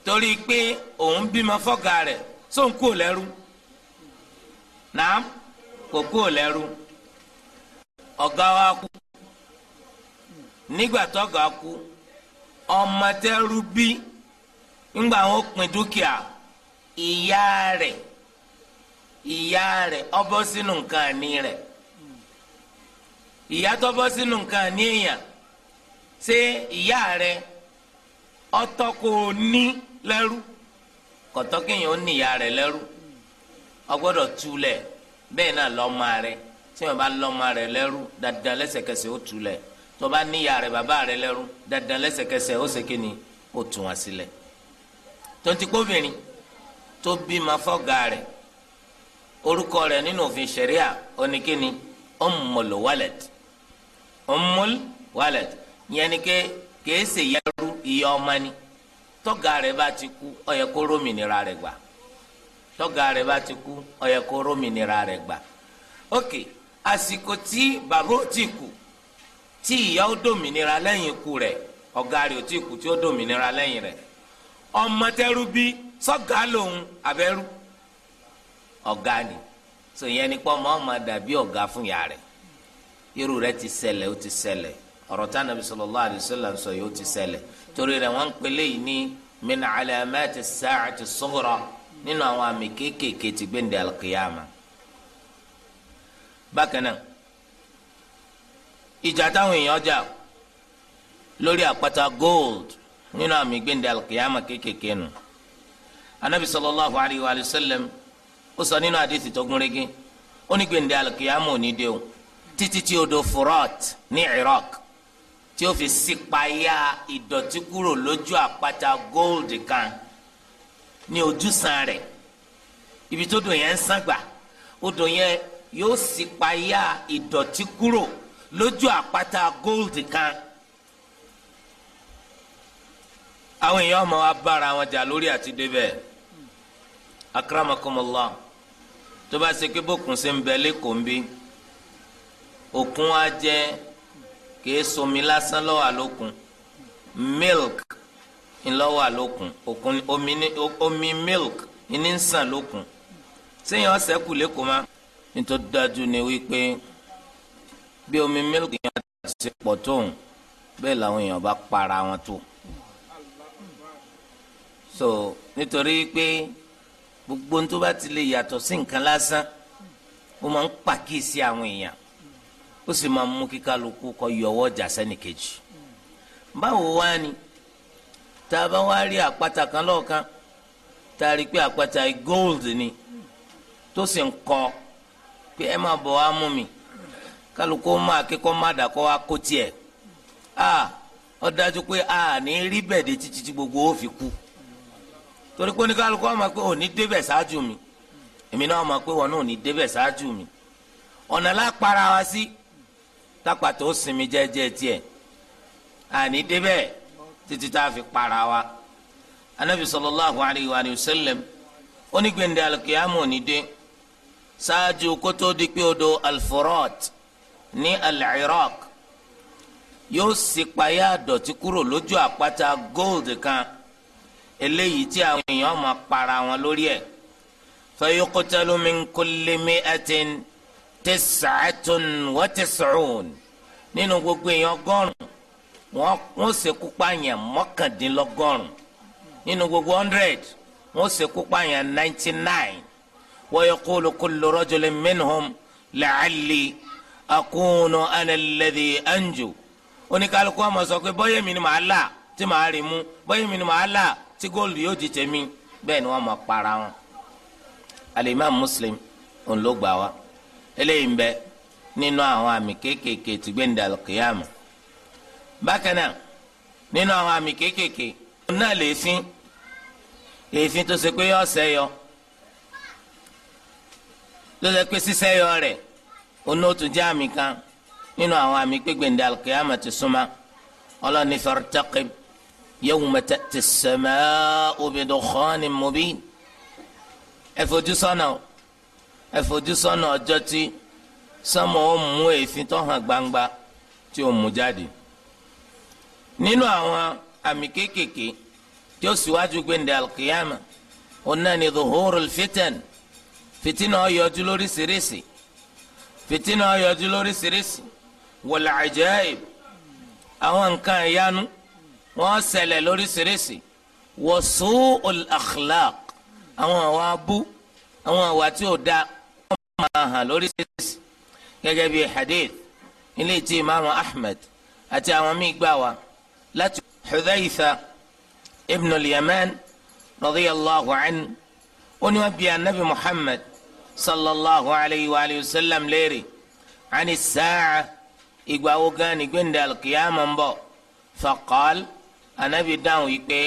torí pé òun bímọ fọ́gà rẹ̀ sóun kú ò lẹ́rú nàám kò kú ò lẹ́rú ọ̀gá wa kú nígbà tó ọ̀gá kú. ọmọ tẹ́rú bí ńgbà wọn pín dúkìá ìyá rẹ, ìyá rẹ ọbọ sínú nǹkan àní ìyá sínú nǹkan àní èèyàn ṣé ìyá rẹ̀ ọtọ́ kò ní lẹ́rú kọ̀tọ́ kéèyàn ó ní ìyá rẹ̀ bẹ́ẹ̀ náà lọmọ rẹ tí wọ́n bá dáadáa ó tó bá níyà rẹ̀ bàbá rẹ̀ lẹ́rú dandan lẹ́sẹ̀kẹsẹ̀ ó ṣèké ni ó tú wọn sílẹ̀ tontigbóbìnrin tó bímọ fọ́gà rẹ̀ orúkọ rẹ̀ nínú òfin ṣẹ̀ríà oníkíni Ummul Walad Ummul Walad yẹn ni ké kèé ṣe yẹrú iye ọmọ ni tọ́gà rẹ̀ bá ti kú ó yẹ kó rómìnira rẹ̀ gbà tọ́gà rẹ̀ bá ti kú ó kó rómìnira rẹ̀ gbà ok àsìkò tí bàbá ò tí kú tí ìyá ó dòmìnira lẹ́yìn ikú rẹ̀ ọ̀gá rẹ̀ ò tí kú tí ó dòmìnira lẹ́yìn rẹ̀ ọmọ tẹ́rú bí sọ́gà lòun abẹ́rú ọ̀gá ni sọ yẹn ni pọ́ máa ma dàbí ọ̀gá fún ìyá rẹ̀ irú rẹ̀ ti ṣẹlẹ̀ ó ti ṣẹlẹ̀ ọ̀rọ̀ tá nàbí sallallahu alaihi wasallam sọ yìí ó ti ṣẹlẹ̀ torí rẹ̀ wọ́n ń pele yìí ní nínú àwọn àmì kéékèèké ti ìjà táwọn èèyàn jà lórí àpáta gold nínú àmì gbẹ̀ndẹ̀ alkiyama kékèké nù anabi sallallahu alayhi wa sallam ó sọ nínú àdìsí tó gún régé ó ní gbẹ̀ndẹ̀ alkiyama ò ní dé o títí tí odò furat ní iraq tí ó fi sípayá ìdọ̀tí kúrò lójú àpáta gold kan ní ojúsàn rẹ̀ ibi tó dùn yẹn ń sàn gbà odò yẹn yóò sípayá ìdọ̀tí kúrò lójú àpáta gold kan àwọn èèyàn ọmọ wa bára wọn jà lórí àti débẹ̀ tó bá ṣe pé bókun ṣe ń bẹ lẹkọọ nbí òkun wa jẹ kìí lásán milk omi milk ní ń sàn lókun bí omi mílìkì yẹn ti pọ̀ tóun bẹ́ẹ̀ làwọn èèyàn bá para wọn tó. so nítorí pé gbogbo tó bá ti lè yàtọ̀ sí nǹkan lásán ó máa ń pàkíyèsí àwọn èèyàn ó sì máa ń mú kí kálukú kó yọwọ́ jà sẹ́nìkejì. báwo wá ni tá a bá wá rí àpáta kan lọ́ọ̀kan tá a rí pé àpáta gold ni tó sì ń kọ pé ẹ má bọ̀ wá mú mi kálukó má kíkọ́ má dàkọ́ akó tiẹ̀ a ó dájú pé a ní rí de títí tí gbogbo ó fi kú torí pé oníkálukọ́ ọmọ pé òní débẹ̀ ṣáájú mi èmi náà ọmọ pé wọn náà òní débẹ̀ ṣáájú mi ọ̀nà lápara wa sí tápàtó sinmi jẹ́jẹ́ tiẹ̀ àní débẹ̀ títí tá a fi para wa anabi sallallahu alayhi wa sallam onígbèǹde alikiyamu òní dé ṣáájú kótó di pé odò alforot ní al-Iraq yóò sì payá àdọ̀tí kúrò lójú àpáta gold kan eléyìí tí àwọn èèyàn máa para wọn lórí ẹ̀ fa yuqtalu min kulli mi'atin tis'atun wa tis'un nínú gbogbo èèyàn ọgọ́rùn wọn wọn ṣekú pààyàn mọ́kàndínlọ́gọ́rùn nínú gbogbo hundred wọn ṣekú pààyàn ninety nine wa yaqulu kullu rajulin minhum la'alli. akunu ana alladhi anju oníkálukú ọmọ sọ pé bọ́yẹ̀ mi ni màá là tí màá rí mu bọ́yẹ̀ mi ni màá là tí góòlù yóò di tèmi bẹ́ẹ̀ ni wọ́n mọ̀ para wọn. alimami muslim òun eléyìí ń bẹ nínú àwọn àmì kéékèèké tí gbẹ̀ǹdà kìyàmù bákan náà nínú àwọn àmì kéékèèké náà lè yọ ọ̀sẹ̀ yọ ṣe onótù jẹ́ àmì kan nínú àwọn àmì gbégbé ndé alkiyama ti súnmọ́ ọlọ́ni fartaqib yawma ta'ti as-sama'u bidukhanin mubin ẹ fojú sọ́nà ẹ fojú sọ́nà ọjọ́ tí sánmà ó mú èéfín tó hàn gbangba tí ó mú jáde nínú àwọn àmì kéékèèké tí ó síwájú gbéǹde alkiyama onáni dhuhurul fitan fitina ó lóríṣiríṣi fìtínà yọjú lóríṣiríṣi wal ajaib àwọn nǹkan ìyanu wọ́n ṣẹlẹ̀ lóríṣiríṣi wa su'ul akhlaq àwọn àwa abú àwọn àwa tí ò da wọ́n máa hàn lóríṣiríṣi gẹ́gẹ́ bíi hadith ilé tí imaamu ahmed àti àwọn míì gbà wá láti Hudhayfa ibn al-Yaman radiyallahu ó ní wọ́n bi anabi muhammad sallallahu alayhi wa alayhi wa sallam léèrè ani sáà ìgbà wo gan ni gbẹ̀ndẹ̀ alkiyama ń bọ̀ faqal anabi dáhùn yìí pé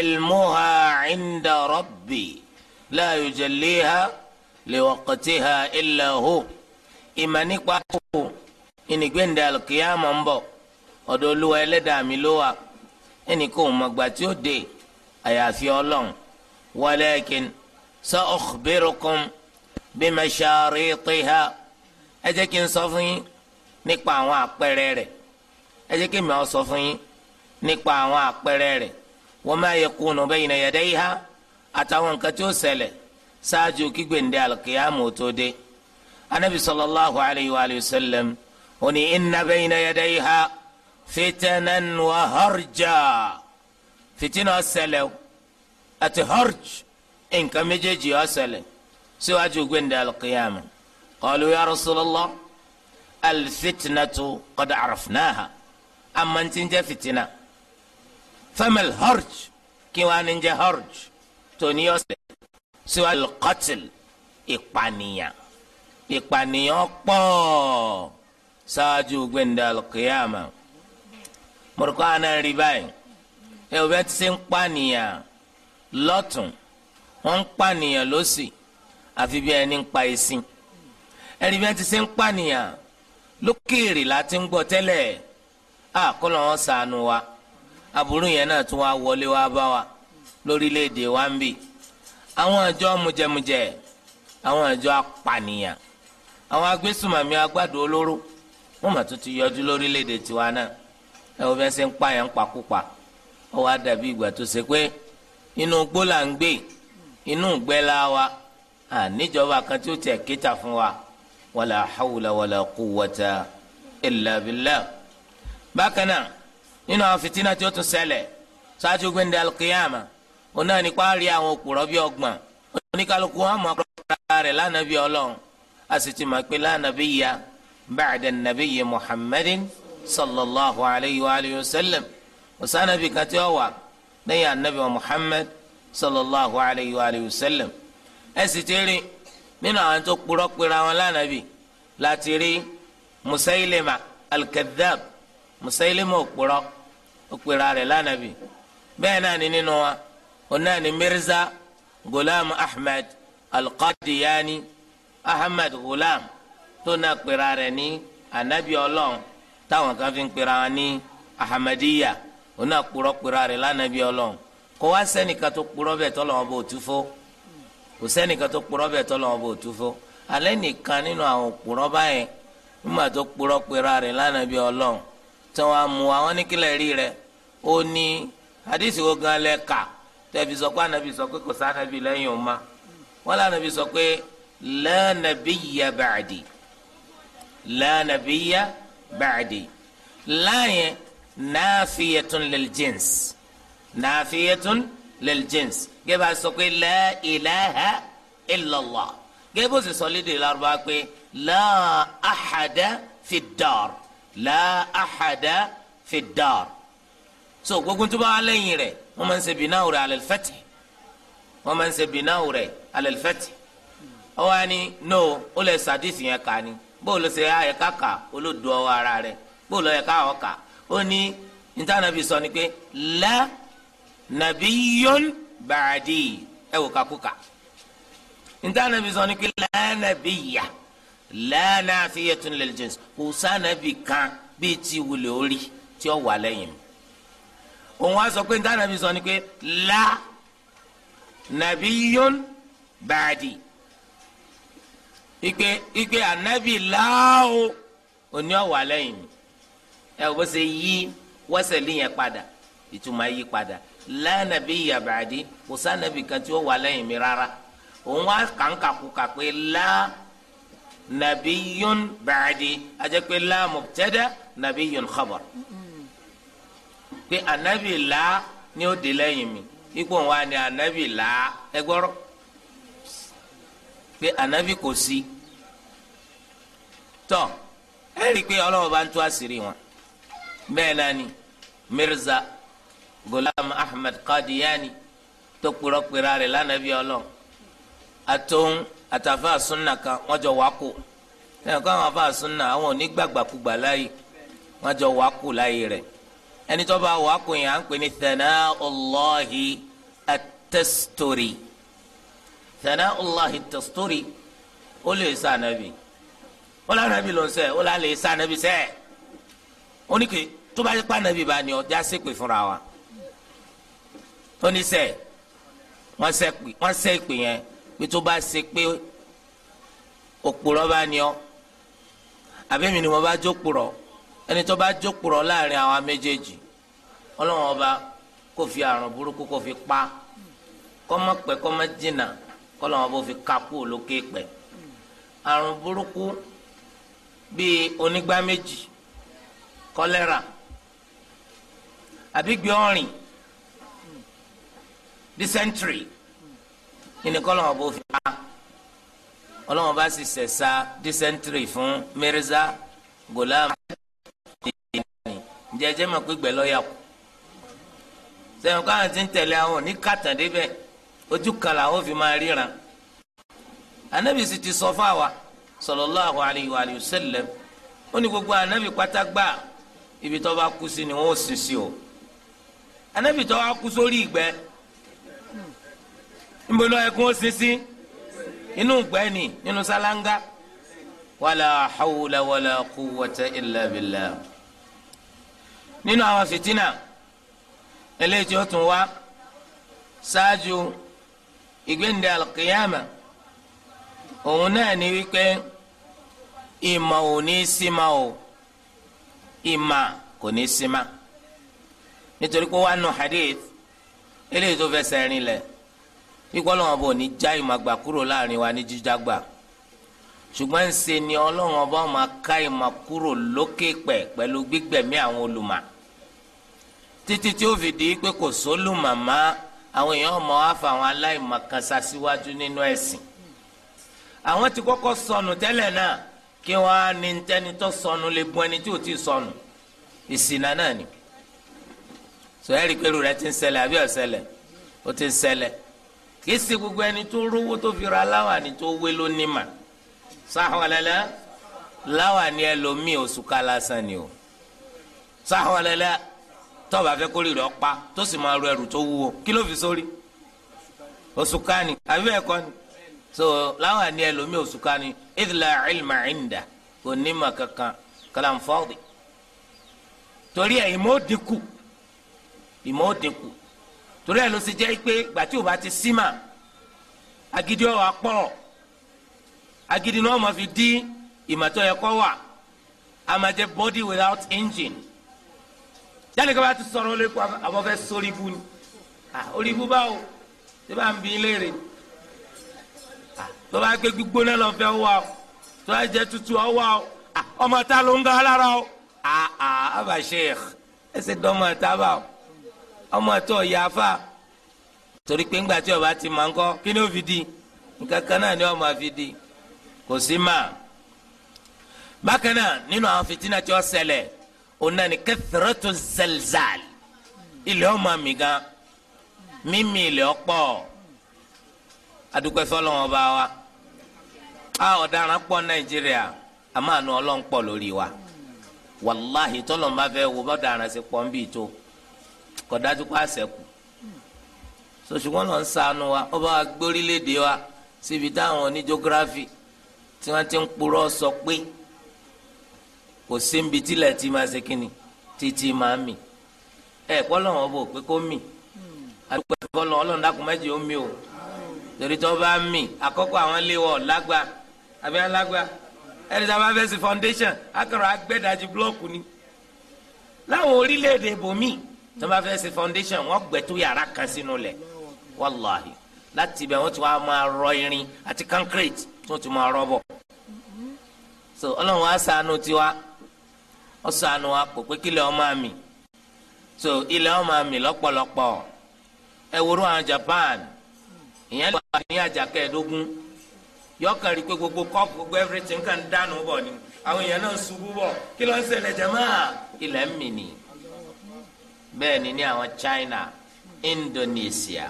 ilmuha inda rabbi la yujalliha liwaqtiha illa hu ìmọ̀ nípa kókó ìnìgbẹ̀ndẹ̀ alkiyama ń bọ̀ ọ̀dọ̀ olúwa ẹlẹ́dàá mi ló wà ẹnì kò mọ̀ gbà tí ó dé sa ukhbirukum bimasharitiha ẹ jẹ́ kí n sọ fún yín nípa àwọn àpẹẹrẹ rẹ̀ ẹ jẹ́ kí mi ọ sọ fún yín nípa àwọn àpẹẹrẹ rẹ̀ wa ma yakunu bayna yadayha àtàwọn nǹkan tí ó ṣẹlẹ̀ ṣáájú kígbèǹde alqiyamu tó dé anabi sallallahu alayhi wa sallam ó ní inna bayna yadayha fitanan wa harja fitina ó ṣẹlẹ̀ harj nǹkan méjèèjì ó ṣẹlẹ̀ síwájú gbẹ̀ndé alqiyama qalu ya rasulallah alfitinatu qad arafnaha amantinjẹ fitina famal harj kí wàá níjẹ harj tóní ọ̀sẹ̀ síwájú alqatil ìpànìyàn ìpànìyàn pọ̀ sáájú gbẹ̀ndé alqiyama mọ̀rọ̀kọ́ àná rí báyìí ẹ̀ ti ṣe ń pànìyàn lọ́tún wọ́n ń àfi bí ẹni ń pa ẹṣin ẹni bí wọn ti ṣe ń pànìyàn lókèèrè láti ń gbọ́ tẹ́lẹ̀ àkọlọ wọn ṣàánú wa aburú yẹn náà tún wá wọlé wá bá wa lórílẹ̀-èdè wa ń bì àwọn àjọ mujẹmujẹ àwọn àjọ apànìyàn àwọn agbésùmàmí agbádùn olóró wọn mà tún ti yọjú lórílẹ̀ tiwa náà ẹ wo bí wọn ṣe ń pààyàn ń pakúpa ó wá dàbí ìgbà tó ṣe pé inú gbó là ń gbé inú ìgbẹ́ la wa. àníjọba kan tí ó tẹ̀ kíta fún wa wàlà hawla wàlà quwwata illa billah bákan náà nínú àwọn fìtínà tí ó tún ṣẹlẹ̀ ṣáájú gbẹ̀ndé alqiyama òun náà nípa rí àwọn òkúrọ̀ bíi ọgbọ̀n oníkálukú wọn mọ̀ ọ́kọ́ra rẹ̀ lánàá bíi ọlọ́run a sì ti mọ̀ pé lánàá bíi ya ba'da nabiyyi muhammadin sallallahu alayhi wa alihi wa sallam ọ̀sán nàbí kan tí ó wà lẹ́yìn anabi wa muhammad sallallahu alayhi wa alihi wa sallam ẹ sì ti rí nínú àwọn tó kpọrọ kpẹra wọn lánàbì láti rí Musailima al-Kadhdhab Musailima òkpọrọ òkpẹra rẹ̀ lánàbì bẹ́ẹ̀ náà ni nínú wa òun náà ni Mirza Ghulam Ahmad al-Qadiyani Ahmad Ghulam tó náà kpẹra rẹ̀ ní anabi Ọlọ́run táwọn kan fi ń kpẹra ní Ahmadiyya òun náà kpọrọ kpẹra rẹ̀ lánàbì Ọlọ́run kò wá sẹ́nìkan tó kpọrọ bẹ́ẹ̀ tọ́lọ́wọ́n bó tu fún. kò sẹ́nìkan tó purọ́ bẹ́ẹ̀ tọ́lọ́wọ́ bò tú alẹ́ nìkan nínú àwọn òpùrọ́ báyẹn nígbà tó purọ́ pera rẹ̀ lánàá bí ọlọ́run tí wọ́n mú àwọn oníkílẹ̀ rí rẹ̀ ó ní àdìsí wo gan lẹ kà tẹ̀fi sọ pé ànábì sọ pé kò sànábì lẹ́yìn ọ̀ma wọn lànàbì sọ pé la nabiyya ba'di lil jins gẹ́gẹ́ bá sọ pé la ilaha illallah gẹ́gẹ́ bó sì sọ lédè Lárúbá pé la ahada fi dar la ahada fi dar so gbogbo tó bá wà lẹ́yìn rẹ̀ wọ́n máa ń ṣe bìnnà rẹ̀ alẹ́ fẹ́tì wọ́n máa ń ṣe bìnnà rẹ̀ alẹ́ fẹ́tì ọwọ́ ni no ó lè sàdísì yẹn kà ni bóòlù ló ṣe ayẹ káka olódùn ọwọ́ ara rẹ̀ bóòlù ọyẹ káwọ́ ó ní níta nàbí sọ ni pé lẹ́ẹ̀ nabiyun baadi ẹ wò kakuka nta nabi sọ ni pé lánàbíyà lánàfíyàtún lil jins kò sànàbí kan bíi ti wulẹ̀ orí tí ó wà lẹ́yìn òun á sọ pé nta nabi sọ ni pé la nabiyun baadi ikpe ikpe anabi laawo òní ó wà ẹ wò ṣe yí wọ́sẹ̀ lìyẹn padà ìtumọ̀ yí padà la nabiyya ba'di kò sànàbì kan tí ó wà lẹ́yìn mi rárá òun wá kàńkà kú kà pé la nabiyyun ba'di ajẹ́ pé la mubtada nabiyyun khabar pé anabi la ni ó di lẹ́yìn mi ipò wa ni anabi la ẹgbọ́rọ́ pé anabi kò sí tọ́ ẹ rí i pé ọlọ́wọ́ bá ń tú àṣírí wọn bẹ́ẹ̀ náà ni mirza gulam ahmed kadiyani tó kpọrọ kpẹrẹ rẹ̀ lánàbí ọlọ àtòun atafaa sunna kan wọ́n jọ wákò ẹnì kan àwọn afa sunna àwọn onígbàgbàkugbà láàyè wọ́n jọ wákò láàyè rẹ̀ ẹni tó bá wákò yẹn à ń pè ní thana'ullahi at-Tasturi ó sa anabi. ó lè anabi ló ń sẹ ó lè ànábì sẹ ó tó bá yẹ kó bá wa. ó ní sẹ wọn sẹ wọn sẹ ìpè yẹn pé tó bá ṣe pé òpùrọ́ bá ní ọ àbẹ́mi ni mo bá jókùrọ̀ ẹni tó bá jókùrọ̀ láàrin àwọn méjèèjì ọlọ́run ọba kò fi àrùn burúkú kò fi pa kọ́mọ pẹ́ kọ́mọ jìnnà fi kakú lókè pẹ́ àrùn burúkú bíi onígbá méjì kọ́lẹ́rà àbí ọ̀rìn dysentery nínú kọ́ lọ́wọ́ bó fi pa ọlọ́wọ́ bá sì sẹ̀sà dysentery fún Mirza Ghulam jẹjẹ mọ̀ pé gbẹ̀ lọ́ọ́yà kù sẹ́yìn káwọn ti ń tẹ̀lé àwọn òní kàtàn débẹ̀ ojú kan làwọn fi máa ríran anabi sì ti sọ fáwa sallallahu alayhi wa sallam ó ní gbogbo anabi pátágbà ibi tó bá kú sí ni wọn ò sì sí o anabi tó bá kú sórí ìgbẹ́ níbo ló yẹ kó o sin sí inú gbẹ́ ni nínú sálángá wàlà hawla wàlà quwwata illa billah nínú àwọn fìtínà eléyìí tí ó tún wá ṣáájú ìgbéǹde alqiyama òun náà ni wípé ìmọ̀ ò ní í símá o ìmọ̀ kò ní í símá nítorí pé wàá nù hadith eléyìí tó fẹsẹ̀ rinlẹ̀ ikú ọlọ́wọ́n bò ní já ìmàgbà kúrò láàrin wa ní jíjágbà ṣùgbọ́n ń ṣe ni ọlọ́wọ́n bá máa ká ìmà kúrò lókè pẹ̀ pẹ̀lú gbígbẹ̀mí àwọn olùmọ̀ títí tí ó fi di pé kò sólùmọ̀ mọ́ àwọn èèyàn mọ̀ á fa àwọn aláìmọ̀ kan sa síwájú nínú ẹ̀sìn àwọn ti kọ́kọ́ sọnù tẹ́lẹ̀ náà kí wọ́n á ní tẹ́ni tó sọnù lè bu ẹni tí ò tí sọnù ìsìnà náà ni sọ ẹ́ rí i pé irú rẹ ti ń ṣẹlẹ̀ àbí ó ó ti ń ṣẹlẹ̀ kìí ṣe gbogbo ẹni tó rówó tó fi ra láwàní tó wé lónìí mà sáwàlẹ́lẹ́ láwàní ẹlòmíì oṣù ká lásán ni o sáwàlẹ́lẹ́ tọ́ba fẹ́ kórè rẹ̀ pa tó sì máa ru ẹrù tó wúwo kí ló fi sórí oṣù ká àbí bẹ́ẹ̀ kọ́ ni so láwàní ẹlòmíì oṣù ká ni idla ilma kò ní mà kankan kalanfọ́ọ̀dì torí ẹ̀ ìmọ̀ ó torí ẹ̀ ló ṣe jẹ́ pé ìgbà tí o bá ti sí mà agídí ọ̀ wá pọ̀ agídí náà ma fi dí ìmọ̀tọ́ yẹ kọ́ wà a máa jẹ́ body without engine jáde ká bá ti sọ̀rọ̀ lé kó àwọn fẹ́ sórí ibu ni orí ibu báwo ṣé bá ń bí léèrè tó bá gbé gbígbóná lọ fẹ́ wà o tó bá jẹ́ tútù ọ wà o ọmọ ta ló ń ga lára o àbàṣe ẹ̀ ẹ̀ ṣe ta bá o. ọmọ ẹ̀tọ́ ya torí pé ńgbà tí ọba ti máa ń kọ kí ni ó fi di nǹkan kan náà ni ọmọ fi di kò sí mà bákan náà nínú àwọn fìtínà tí ó sẹlẹ̀ òun náà ni kathratu ilẹ̀ ọmọ mi gan mímì ilẹ̀ ọpọ̀ adúgbò fọlọ́wọ́n bá wa a ọ̀daràn pọ̀ nàìjíríà àmọ́ ọlọ́run pọ̀ lórí wa fẹ́ wo bá ọ̀daràn sí pọ̀ ń bì tó. kò dájú kó àṣẹkù sọṣùgbọ́n náà ń ṣàánú wa ó bá wa gbé orílẹ̀-èdè wa síbi táwọn oníjógráfì tí wọ́n ti ń purọ́ sọ pé kò sí níbi tílẹ̀ tí máa ṣe kínni títí máa mì ẹ̀ kọ́ lọ́wọ́ bò pé kó mì àdúgbò ẹ̀fọ́ lọ́wọ́ ọlọ́run dákun mẹ́jì ó mì o torí tó bá mì àkọ́kọ́ àwọn léwọ̀ lágbá àbí alágbá ẹni tí a bá fẹ́ sí foundation akọ̀rọ̀ agbẹ́dájú blọ́ọ̀kù ni láwọn orílẹ̀-èdè bòmíì tó bá fẹ́ ṣe foundation wọ́n gbẹ́tú yàrá kan sínú lẹ̀ wàláhì láti ibẹ̀ wọ́n ti wá máa rọ irin àti concrete tó ti máa rọ́ bọ̀ so ọlọ́run wa ṣàánú tiwa ó ṣàánú wa kò pé kílẹ̀ ọmọ àmì so ilẹ̀ ọmọ àmì lọ́pọ̀lọpọ̀ ẹ wúrú àwọn Japan ìyẹn lè wà ní àjàkẹ́ ẹ̀dógún yọkàn rí pé gbogbo cup gbogbo everything kan dànù bọ̀ ni àwọn èèyàn náà ṣubú bọ̀ kí ló ń ṣẹlẹ̀ jẹ́ máa ilẹ̀ ń mì nìyí bẹ́ẹ̀ ni àwọn China Indonesia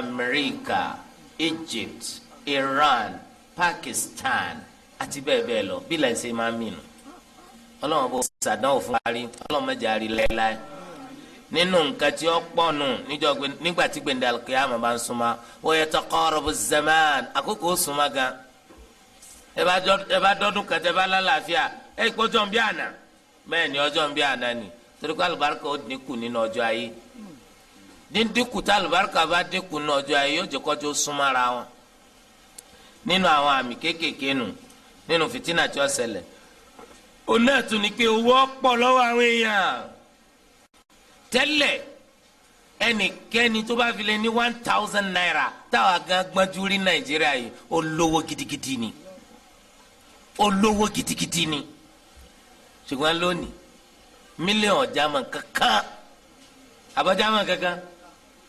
America Egypt Iran Pakistan àti bẹ́ẹ̀ bẹ́ẹ̀ lọ bí lẹ́yìn máa ń mìíràn ọlọ́run bó ṣàdánwò fún parí ọlọ́run mẹ́jà rí láéláé nínú nǹkan tí ó pọ̀nù nígbà tí gbẹ̀ndẹ̀ alikiyama bá ń súnmọ́ wa yataqarabu zaman àkókò gan ẹ bá dọ́dún kẹtẹ bá lálàáfíà ẹ kó jọ̀ ń ni ọjọ́ ń ni torí alubarika alùbáríkà ó dínkù nínú ọjọ́ ayé dínkù tá alùbáríkà bá dínkù nínú ọjọ́ ayé yóò jẹ́ kọ́jọ́ súnmọ́ra wọn nínú àwọn àmì kéékèèké nù nínú fìtínà tí ó ṣẹlẹ̀ ni pé owó pọ̀ lọ́wọ́ àwọn èèyàn tẹ́lẹ̀ ẹnikẹ́ni tó bá fi lé ní one thousand naira táwa gan gbọ́njú ni mílíọ̀n jaman kankan àbọ̀ jaman kankan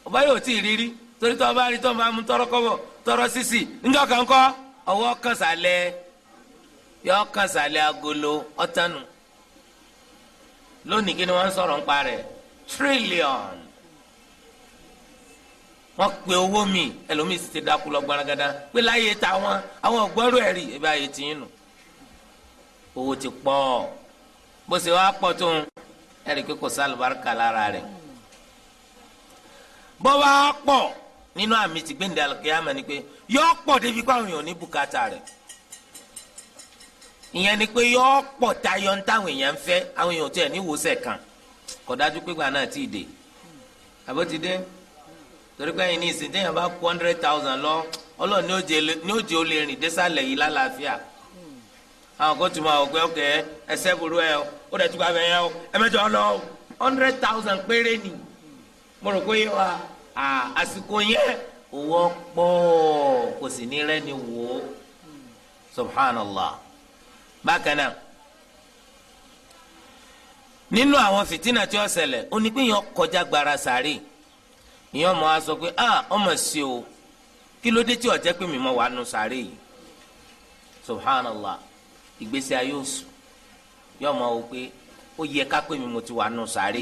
ọba yóò tí ì rírí torí tó ọba rí tó máa mú tọrọ kọ́bọ̀ tọrọ sísì ńjọ́ kan kọ́ ọwọ́ kan sàlẹ̀ yọ kan sàlẹ̀ agolo ọ̀tánu lónìí kí ni wọ́n sọ̀rọ̀ nípa rẹ̀ tírílíọ̀n wọ́n pe owó mi ẹlòmíì sì ti dákú lọ gbaragada pé láyé tàwọn àwọn ọ̀gbọ́rọ̀ ẹ̀rí ẹ̀bí nù owó ti pọ̀ bó ṣe wá pọ̀ tó ń ẹ̀rí pé kò sí àlùbáríkà lára rẹ̀ bọ́wá pọ̀ nínú àmì ti gbẹ̀ǹdà àlùkìyàmà ni pé yọ pọ̀ débi pé àwọn èèyàn ní bùkátà rẹ̀ ìyẹn ni pé yọ pọ̀ tayọ ń táwọn èèyàn ń fẹ́ àwọn èèyàn tó yẹ ní kan kò dájú pé náà ti dé àbó ti dé torí pé ẹ̀yin ní ìsìn lọ ọlọ́run ní o de tún abe o ẹ hundred thousand ni mo wa àsìkò yẹn owó pọ̀ kò ní subhanallah bákan nínú àwọn fìtínà tí ó yẹn kọjá gbara sáré ìyẹn ọmọ wa pé ah ọmọ sí o kí ló dé tí pé mi wà nù yìí subhanallah ìgbésí yóò mọ wò pé ó yẹ ká pé mi mo ti wà nù sáré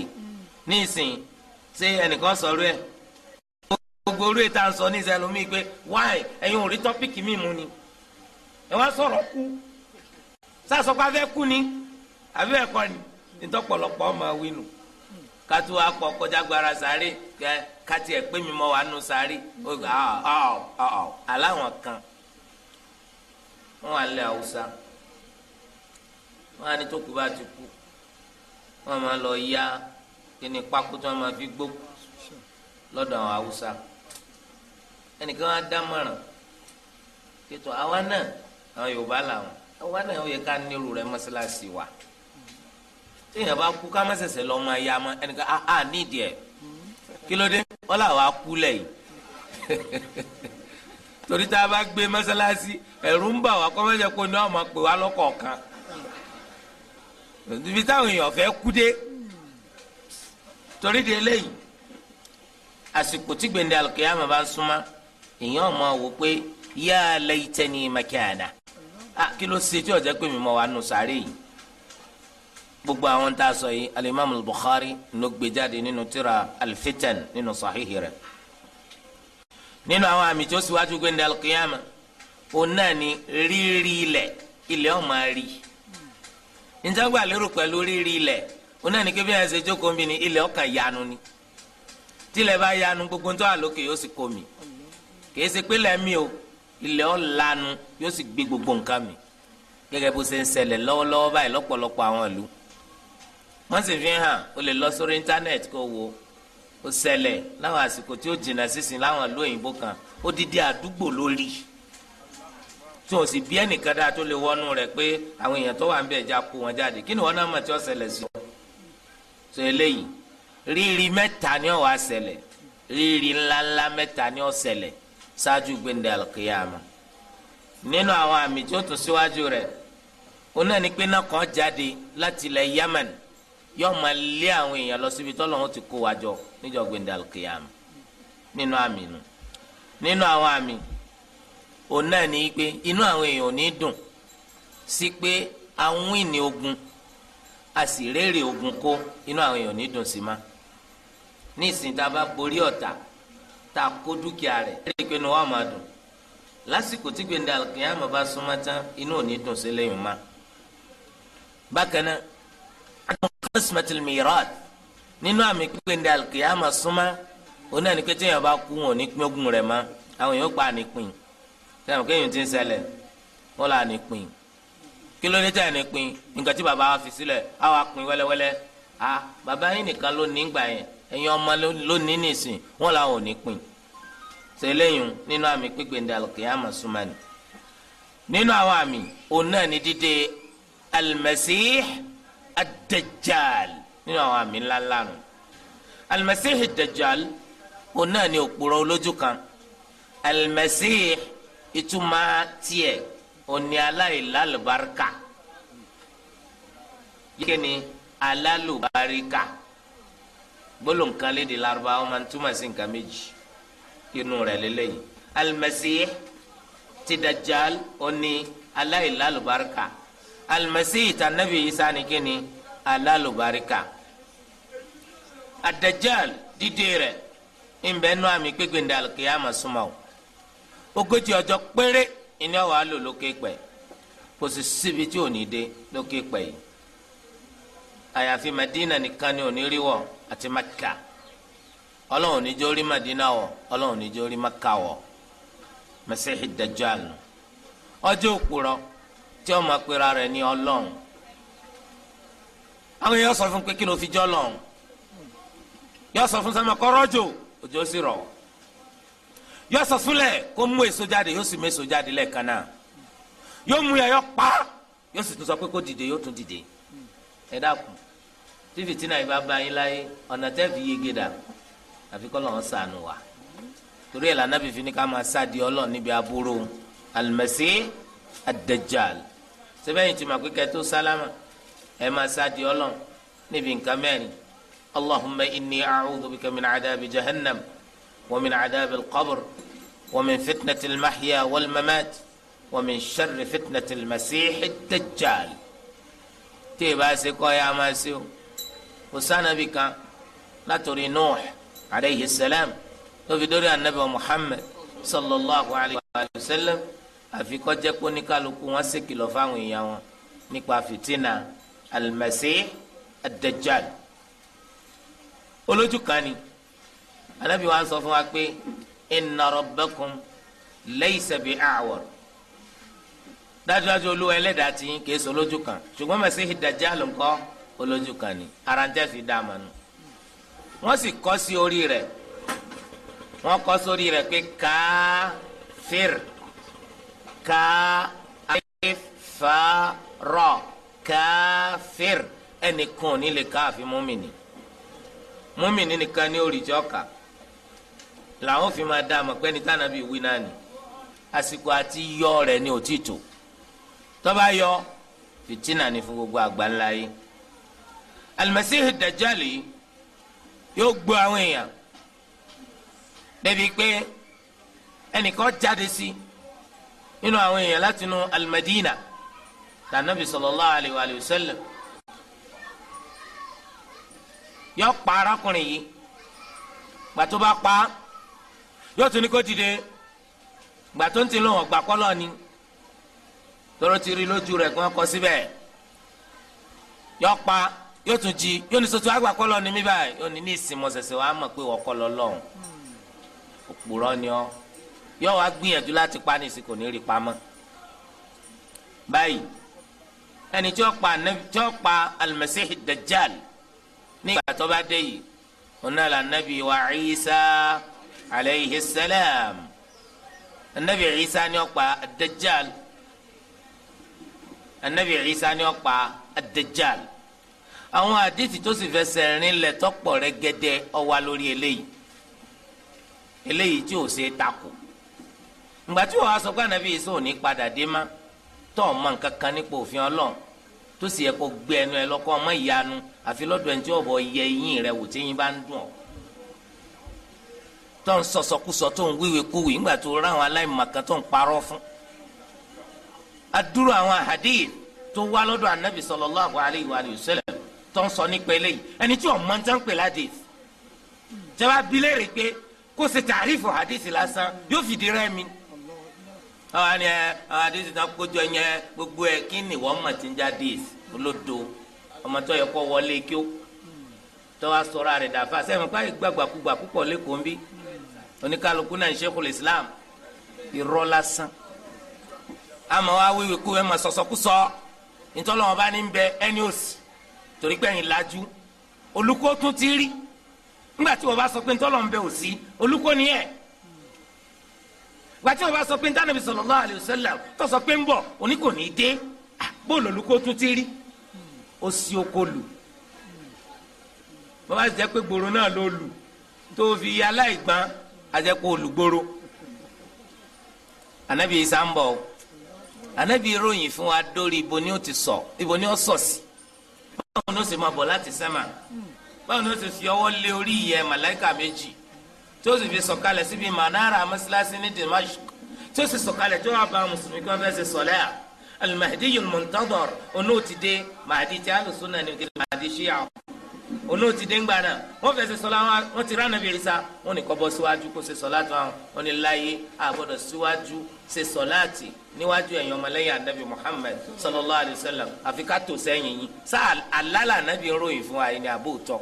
nísìn ṣé ẹnìkan sọ̀rọ̀ ẹ gbogbo orí ètò à ń sọ ní ìsẹlómi pé wáì ẹ̀yin ò rí tọ́pìkì mi mú ni ẹ wá sọ̀rọ̀ kú sásọpá fẹ́ kú ni àbí ẹ̀kọ́ ni nítọ́pọ̀lọpọ̀ ọmọ wínú kátó akọ kọjá gbára sáré kẹ kátì ẹ pé mi mọ wà nù sáré ó ọ ọ ọ aláwọn kan wọn wà haúsá wọn á ní tó kú bá ti kú wọn máa lọ ya kí ni pákó tí wọn máa fi gbó lọ́dọ̀ àwọn haúsá ẹnìkan á dámọ̀ràn kìtọ àwa náà àwọn yorùbá làwọn àwa náà ó yẹ ká nílùú rẹ mọ́sálásí wa téèyàn bá kú ká má ṣẹ̀ṣẹ̀ lọ máa ya mọ ẹnìkan á á nídìí ẹ kí wọn làwọn á lẹ yìí [LAUGHS] torí tá a bá gbé mọ́sálásí ẹ̀rù ń bà wá kọ́mọ́jà kó ní ọmọ pè wá lọ́kọ̀ọ̀kan ibi táwọn èèyàn fẹ́ kú dé torí de eléyìí àsìkò tí gbèndé alùkìyàmà bá súnmọ́ èèyàn máa wò pé yá laytani makana kí ló ṣe tí ọ̀jẹ̀ pé mi mọ̀ wá nù sáré yìí gbogbo àwọn tá a sọ yìí alimami Bukhari ló gbé jáde nínú tírà alfitan nínú sahihi rẹ̀ nínú àwọn àmì tó síwájú gbèndé alùkìyàmà òun náà ni rírí ilẹ̀ ilẹ̀ ọ̀ máa rí i nítagbà lérò pẹ̀lú rírí ilẹ̀ ó náà ní kí bíyànjú mi ní ilẹ̀ ọkàn yanu ni tílẹ̀ bá yanu gbogbo tó àlókè yóò sì kó mi kìí ṣe pé lẹ́mí o ilẹ̀ ọ̀lanu yóò sì gbé gbogbo nǹkan mi gẹ́gẹ́ bó ṣe ń ṣẹlẹ̀ lọ́wọ́lọ́wọ́ báyìí lọ́pọ̀lọpọ̀ àwọn ìlú wọ́n sì fi hàn o lè lọ sórí íńtánẹ́ẹ̀tì kó wo ó ṣẹlẹ̀ láwọn àsìkò tí ó jìnnà sísìn láwọn ìlú òyìnbó kan ó dídí àdúgbò lórí tí o sì bí ẹnìkan dáa tó lè wọnú rẹ̀ pé àwọn èèyàn tó wà ń bẹ̀ já kó wọn jáde kí ni wọn náà mọ̀ tí ó ṣẹlẹ̀ sí ọ. sọ eléyìí rírì mẹ́ta ni ó wá ṣẹlẹ̀ rírì ńláńlá mẹ́ta ni ó ṣẹlẹ̀ ṣáájú gbẹ̀ndẹ̀ àlùkìyàmà nínú àwọn àmì tí ó tún síwájú rẹ̀ ó náà ní pé náà kàn jáde láti ilẹ̀ Yemen yóò máa lé àwọn èèyàn lọ síbi tọ́lọ́hún ti kó wa jọ níjọ́ gbẹ̀ndẹ̀ nínú àmì nù nínú àwọn àmì òun náà ní pé inú àwọn èèyàn ò ní dùn sí pé àwọn ìní ogun a sì rèrè ogun kó inú àwọn èèyàn ò ní dùn sí ma ní ìsìn tá a bá borí ọ̀tá tá a kó dúkìá rẹ̀ lórí pé inú wa máa dùn lásìkò tí gbẹ̀ndà kìyàmù bá súnmọ́ tán inú ò ní dùn sí lẹ́yìn ma bákan náà àwọn kọ́sìmẹ́tìlì mìíràn nínú àmì gbẹ̀ndà kìyàmù súnmọ́ òun náà ní pé téèyàn bá kú wọn ò ní pín ogún rẹ̀ mọ́ àwọn èèyàn pa á ní sẹ́yìn kéèyàn ti ń ṣẹlẹ̀ wọ́n là ní pin kí ló dé tẹ̀ ní pin nǹkan tí bàbá wa fi sílẹ̀ á wa pin wẹ́lẹ́wẹ́lẹ́ a bàbá yín nìkan ló ní gbà yẹn ẹ̀yin ọmọ ló ní nìsín wọ́n làwọn ò ní pin sẹ́lẹ̀yìn nínú àmì pípéǹde alùkìyàmà súnmọ́ni nínú àwọn àmì òun náà ní dídé al-Masih ad-Dajjal nínú àwọn àmì ńláńlá nù al-Masih ad-Dajjal òun náà ní òpùrọ̀ olójú kan al-Masih ìtumọ̀ tiẹ̀ òní aláìlálùbáríkà yíké ni alálùbáríkà gbólóǹkan léde Lárúbáwá máa ń túmọ̀ sí nǹkan méjì inú rẹ̀ lélẹ́yìn alimẹsíyẹ ti dajjal òní aláìlálùbáríkà alimẹsíyẹ ta Nabi Isa ni kí ni alalubarika adajal dídé rẹ̀ ń bẹ́ẹ̀ nú àmì gbégbé ndàlùkìyàmà súnmọ́ ogójì ọjọ péré ìní ọwọ àlò lókè pẹ kò sì síbi tí ò ní dé lókè pẹ yìí àyàfi Madina nìkan ni òní rí wọ àti Maka Ọlọ́run níjó rí Madina wọ Ọlọ́run níjó rí Maka wọ Masihi Dajjal ọjọ́ òpùrọ́ tí ọmọ apẹ̀rẹ̀ rẹ̀ ní Ọlọ́run àwọn yóò sọ fún pé kí ló fi yóò sọ fún òjò yọ sọ súnlẹ̀ kó mú èso jáde yóò sì mú èso jáde lẹ́ẹ̀kan náà yóò mú yẹn yọ pa yóò sì tún sọ pé kó dìde yóò tún dìde ẹ dákun tí fìtínà yìí bá bá yín láyé ọ̀nà tẹ́ fi yege dà àfi kọ́ lọ́wọ́ sànù wá torí ẹ̀ lànà fífi ní ká máa sáàdì ọlọ́ọ̀ níbi aburú alimẹ̀sí adajal sẹ́fẹ̀yìn tí màá kíkẹ́ tó sálámà ẹ̀ máa sáàdì ọlọ́ọ̀ níbi nǹkan mẹ́rin allahumma inni a'udhu bika min adabi jahannam. ومن عذاب القبر ومن فتنة المحيا والممات ومن شر فتنة المسيح الدجال tí ìbá ṣe kọ́ ya máa ṣe o kò sànàbì kan látòrí nuux aleyhi salam lófi dórí anabi muhammed sallallahu alayhi wa sallam àfikọ́ jẹ́ kó ní kálukú wọn ṣe kìlọ̀ fáwọn èèyàn wọn nípa fìtínà almasih adajjal olójú kan ni anabi wa sọ fún wa pé inna rabbakum laysa bi a'war dájúdájú olúwa ẹlẹ́dàá ti yín kìí sọ lójú kan ṣùgbọ́n mẹ́sìlẹ̀ dàjálù ńkọ́ olójú kan ni ara ń tẹ́sí dá àmà nù. wọ́n sì kọ́ sí orí rẹ̀ wọ́n kọ́ sórí rẹ̀ pé káfíìr káfíìfàrọ̀ káfíìr ẹnìkan ò ní lè káàfin múmìnì múmìnì nìkan ní oríjọ́ kàá làwọn fi máa dá àmọ̀ pé ní tànàbí wí náà ni àsìkò àti yọ rẹ̀ ni ò tí tó tó yọ fìtínà ni fún gbogbo àgbáńlá yìí alimasihi dajali yóò gbó àwọn èèyàn débi pé ẹnìkan jáde sí nínú àwọn èèyàn látinú alimadina tànàbí sallallahu alayhi wa sallam yọ pa arákùnrin yìí gbàtó bá pa yóò tún ní kó dìde gbà tó ń ti lóhùn ọgbà kọlọ ni tọrọ ti rí lójú rẹ̀ kí wọn kọ síbẹ̀ yọ pa yóò tún jí yóò ní sọtún àgbà kọlọ ni mí báyìí yóò ní ní ìsìn mọ̀sẹ̀sẹ̀ wàá mọ̀ pé wọ́n kọ́ lọ lọ́hùn òpùrọ̀ ni ọ́ yọ wá gbìyànjú láti pa ní ìsìn kò ní rí pamọ́ báyìí ẹni tí ó pa tí ó pa alimẹsíhì dajjal nígbà tó bá dé yìí ọ̀nà là wa Ìsá alayhi salam anabi isa ni ó pa adajal anabi isa ni ó pa adajal àwọn àdìtì tó sì fẹsẹ̀ rin lẹ̀ tọ́pọ̀ rẹ gẹ́dẹ́ ó wà lórí eléyìí eléyìí tí ò ṣe é takò ìgbà tí wàá sọ pé anabi isa ò ní padà dé má tó ọ̀ mọ nǹkan kan nípa òfin ọlọ́run tó sì yẹ kó gbé ẹnu ẹ lọ́kọ́ ọmọ ìyanu àfi lọ́dọ̀ ẹni tí ọ̀bọ yẹ eyín rẹ wò tí eyín bá ń dùn ọ́ tó ń sọsọkúsọ tó ń wíwe kúwì ńgbà tó ráwọn aláìmọ̀kan tó ń parọ́ fún. adúrò àwọn hadith tó wá lọ́dọ̀ anabi sallallahu alayhi wa sallam tó ń sọ nípa eléyìí ẹni tí wọn máa ń tán pè ládìs jẹba bilẹ̀ rẹ̀ pé kó ṣe tàrífù hadith lásán yóò fìdí rẹ́ mi àwọn àni ẹ àwọn àdìsí náà kójọ yẹn gbogbo ẹ kí ni wọn mọ tí ń já dis olódo ọmọ tó yẹ kó wọlé kí ó tó wá sọ̀rọ̀ rẹ̀ dàfà sẹ́yìn mọ̀ káyọ̀ gbàgbàkúgbà púpọ̀ lẹ́kọ̀ọ́ ń bí oníkàlùkù náà ń Sheikhul Islam irọ́ lásán àmọ́ wa wíwí kú ẹ máa sọ̀sọ́ kú sọ ntọ́lọ́wọ́n bá ní bẹ ẹni òsì torí pé ẹ̀yin lajú olùkọ́ tún ti rí nígbà tí wọ́n bá sọ pé ntọ́lọ́wọ́n bẹ òsì olùkọ́ ni ẹ̀ gbàtí wọ́n bá sọ pé ntánàbí sallallahu alaihi wasallam tó sọ pé ń bọ̀ òní kò ní í dé ah, bóòlù olùkọ́ tún ti rí òsì okòlù bàbá sì jẹ́ pé gbòòrò náà ló lù tó fi aláìgbọ́n ajẹ́pọ̀ olùgbòrò anabi isa ń bọ̀ o anabi ìròyìn fún wa dórí ibo ni ó ti sọ ibo ni ó sọ sí báwo ni ó sì máa bọ̀ láti sẹ́mà báwo ni ó sì fi ọwọ́ lé orí ìyẹ́ màláìka méjì tí ó sì fi sọ̀kalẹ̀ síbi manara mọ́sálásí ní dimashq tí ó sì sọ̀kalẹ̀ tí ó wà bá mùsùlùmí kí wọ́n fẹ́ ṣe sọ̀lẹ́ à alimahdi yunmuntador onú ti dé alùsùn náà ní kí mahdi ṣíyà olóòtú déngbà náà wọ́n fẹsẹ sọlá wọ́n ti rán nàbẹrẹ sa wọ́n ní kó bọ́ síwájú kó ṣe sọlá tó àwọn wọ́n ní láyé àgbọ́dọ̀ síwájú ṣe sọláàtì níwájú ẹ̀yin ọmọlẹ́yìn anabi muhammed sallallahu alayhi wa sallam àfi ká tò sẹ́yìn yín sá àlálà anabi ròyìn fún wa ni àbò tọ́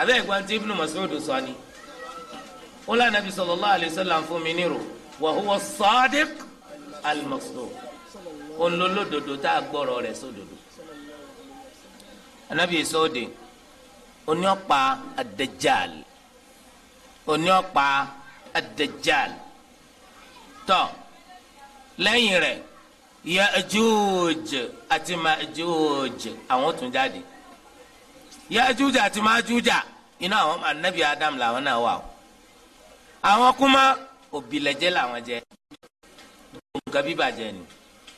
abẹ́ ìgbọ́n tí ibn Mas'ud sọ ni wọ́n lé anabi sallallahu alayhi wa sallam fún mi nírò wa huwa sadiq al-masduq ònlólódodo tá a gbọ́rọ̀ rẹ̀ sódodo anabi sọ́ọ̀dì oní ọ̀pá adajal oní ọ̀pá adajal tó lẹ́yìn rẹ̀ Ya'juj àti Ma'juj àwọn tún jáde Ya'juj àti Ma'juj iná àwọn anabi adam làwọn náà wà o àwọn kuma òbílẹ̀jẹ́ làwọn jẹ́ nǹkan bíbàjẹ́ ni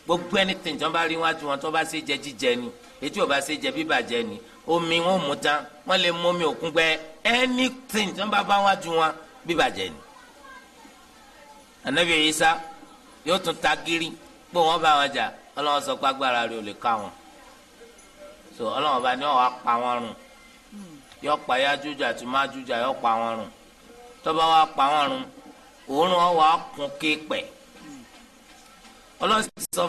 gbogbo ẹni tẹ̀jọ́ bá rí wájú wọn tó bá ṣe jẹ́ jíjẹ ni. ètò ọba je jẹ bíbàjẹ́ ni omi wọn mú tán wọn lè mú omi òkun gbẹ anything tí wọn bá bá wọn ju wọn ni anabi Isa yóò tún ta giri wọn bá wọn jà sọ pé agbára ò lè ká wọn so Ọlọ́run bá ní ọwọ́ pa wọn rùn yọ pa àti yọ pa wọn rùn tọ́ba wa pa wọn rùn òórùn sọ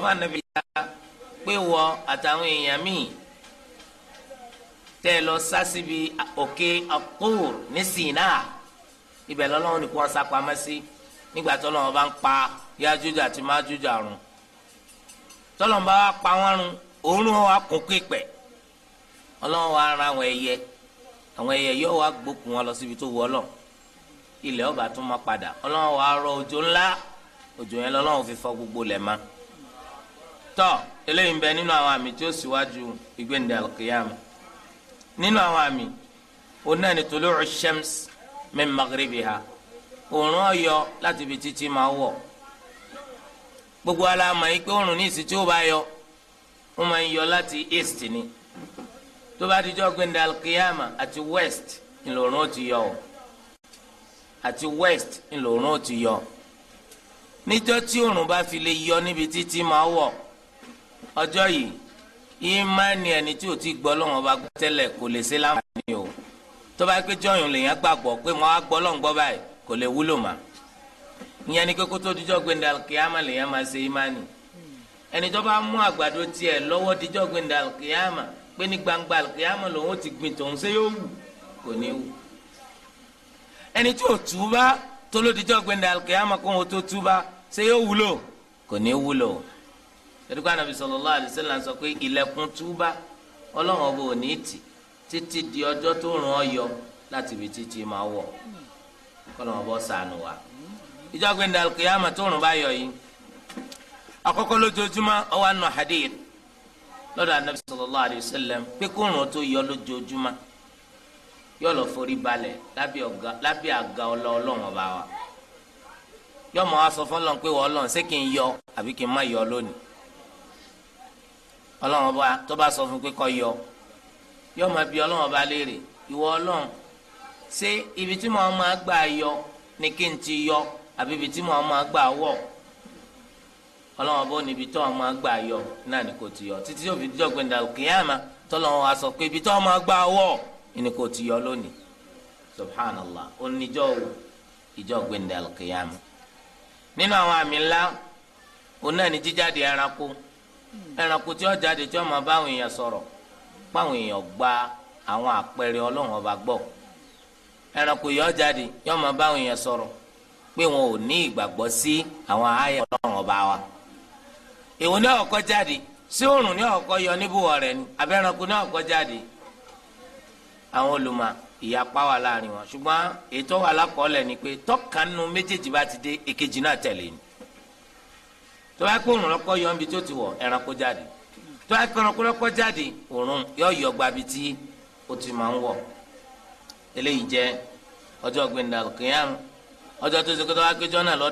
pé wọ àtàwọn èèyàn míì tẹ́ ẹ lọ sá síbi òkè Tur ní Sínà ibẹ̀ lọ́lọ́run ni kò wọ́n sá pamọ́ sí nígbà tó lọ́wọ́ bá ń pa Yájújà àti Májújà run tọ́lọ́n bá wa pa wọ́n run òórùn wa kún pípẹ́ wa ran àwọn ẹyẹ àwọn ẹyẹ yóò wá wọn lọ síbi tó wọ ọlọ́run ilẹ̀ ọba tún ma padà ọlọ́run wa rọ òjò ńlá òjò yẹn lọ́lọ́run fi fọ gbogbo lẹ̀ máa. tọ́ eléyìí ń bẹ nínú àwọn àmì tí ó síwájú ìgbéǹde alkiyama nínú àwọn àmì òun náà ni tulu'u shams min maghribiha òòrùn ọyọ láti ibi títí máa wọ̀ gbogbo aláàmà yìí pé òòrùn ní ìsìn tí ó bá yọ ó máa ń yọ láti east ni tó bá dijọ́ gbéǹde alkiyama àti west ńlọrọrùn ó ti yọ ọ àti west ńlọrọrùn ó ti yọ níjọ́ tí òòrùn bá fi lè yọ níbi títí máa wọ̀ ọjọ́ yìí ìmánì ẹni tí ò ti gbọ́ lọ́wọ́n bá gbọ́ tẹ́lẹ̀ kò lè ṣe láǹfààní o tó bá pé jọyìn lèèyàn gbàgbọ́ pé wọ́n á gbọ́ lọ́wọ́n gbọ́ báyìí kò lè wúlò mà ìyẹn ni kókó tó dijọ́ gbẹ̀ndà kìámà lèèyàn máa ṣe ìmánì ẹni tó bá mú àgbàdo tiẹ̀ lọ́wọ́ dijọ́ gbẹ̀ndà kìámà pé ní gbangba kìámà lòun ó ti gbìn tòun ṣé yóò wù kò ní wù ẹni tí ò túbá tó lódijọ́ gbẹ̀ndà kìámà kó wọn tó túbá ṣé yóò wúlò kò ní wúlò tẹ̀dúkọ́ ànábì sallallahu alaihi sọ pé ilẹ̀kùn túbá ọlọ́run ọba di ọjọ tó ràn yọ láti ibi títí máa wọ̀ kọ́lọ́run ọba ṣàánú wa. ìjọ gbẹ̀ndà kìyàmà tó rùn bá yọ yìí àkọ́kọ́ lójoojúmọ́ ó wà nù hadith lọ́dọ̀ ànábì sallallahu alaihi tó yọ lọ forí wa yọmọ pé yọ àbí kí n ọlọ́run bá tó bá sọ fún pé kó yọ yọ máa bi ọlọ́run bá léèrè ìwọ ọlọ́run ṣé ibi tí mo máa gbà yọ ni kí n ti yọ àbí ibi tí mo máa gbà wọ̀ ọlọ́run bó níbi tó máa gbà yọ náà ni kò ti yọ títí yóò fi dídọ̀ gbẹ̀ndà kíyámà tọ́lọ́run wa sọ pé ibi tó máa gbà wọ̀ ni kò ti yọ lónìí subhanallah oníjọ́ wo ìjọ́ gbẹ̀ndà kíyámà nínú àwọn àmì ńlá òun náà ni jíjáde ẹranko ẹranko tí ó jáde tí ó máa bá àwọn èèyàn sọ̀rọ̀ páwọn èèyàn gba àwọn àpẹẹrẹ ọlọ́run ọba gbọ́ ẹranko yìí ó jáde yóò máa bá àwọn èèyàn sọ̀rọ̀ pé wọn ò ní ìgbàgbọ́ sí àwọn ààyè ọlọ́run ọba wa èwo ní ọ̀kọ́ jáde sí òrùn ní ọ̀kọ́ yọ níbùwọ̀ rẹ̀ ni abẹ́ranko ní ọ̀kọ́ jáde àwọn olùmọ̀ ìyapa wà láàrin wọn ṣùgbọ́n ètò wà lákọọ́lẹ̀ ni pé tọ́kànnú méjèèjì bá ti dé èkejì náà tẹ̀lé ni tọwa bá pé òrùn lọ́kọ́ yọ níbi tó ti wọ̀ ẹranko jáde tó bá pé lọ́kọ́ jáde òrùn yọ yọ tí ti máa ń wọ̀ eléyìí jẹ́ ọjọ́ gbẹ̀ndà kìíyàn ọjọ́ tó ṣe kó lọ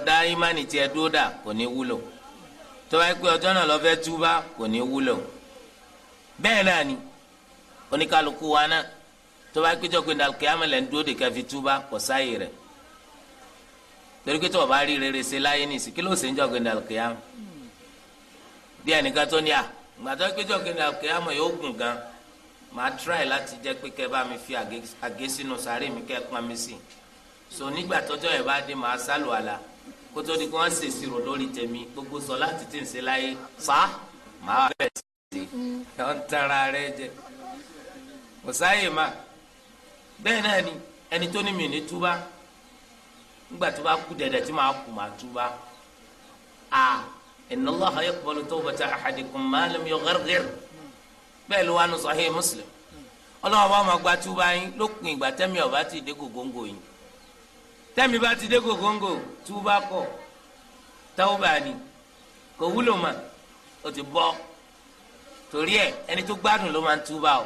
dúró dà kò ní wúlò tó bá ọjọ́ náà lọ fẹ́ túbá kò ní wúlò bẹ́ẹ̀ náà ni oníkálukú wa náà gbẹ̀ndà lẹ́ torí pé tí wọ́n bá rí rere ṣe láyé nìsí kí ló ṣe ń jọ gbẹ̀ndà kìámù bí ẹnìkan tó ní à gbàtọ́ pé jọ gbẹ̀ndà kìámù yóò gùn gan màá try láti jẹ́ pé kẹ́ bá mi fi àgé sínú sàárè mi kẹ́ pọn mi sí so nígbà tọ́jọ́ yẹn bá dé màá sálò àlà kótó ni kí wọ́n ṣe ìṣirò lórí tèmi gbogbo sọ láti ti ń ṣe láyé fa màá bẹ̀ sí i ọ̀ ń tara rẹ jẹ kò sáyè má bẹ́ẹ̀ náà ni ẹni tó ní mi ní túbá nígbà tó bá kú dẹ̀dẹ̀ tí màá kú màá túbà a inna Allaha yaqbalu tawbata ahadikum ma lam yugharghir bẹ́ẹ̀ ló wà ní Sahih Muslim ọlọ́wọ́ bá máa gba túbà yín lókun ìgbà tẹ́mi ọ̀bá ti dé gògóńgò yín tẹ́mi bá ti dé gògóńgò túbà kọ̀ tawba ni kò wúlò mà ó ti bọ́ torí ẹ ẹni tó gbádùn ló máa ń túbà o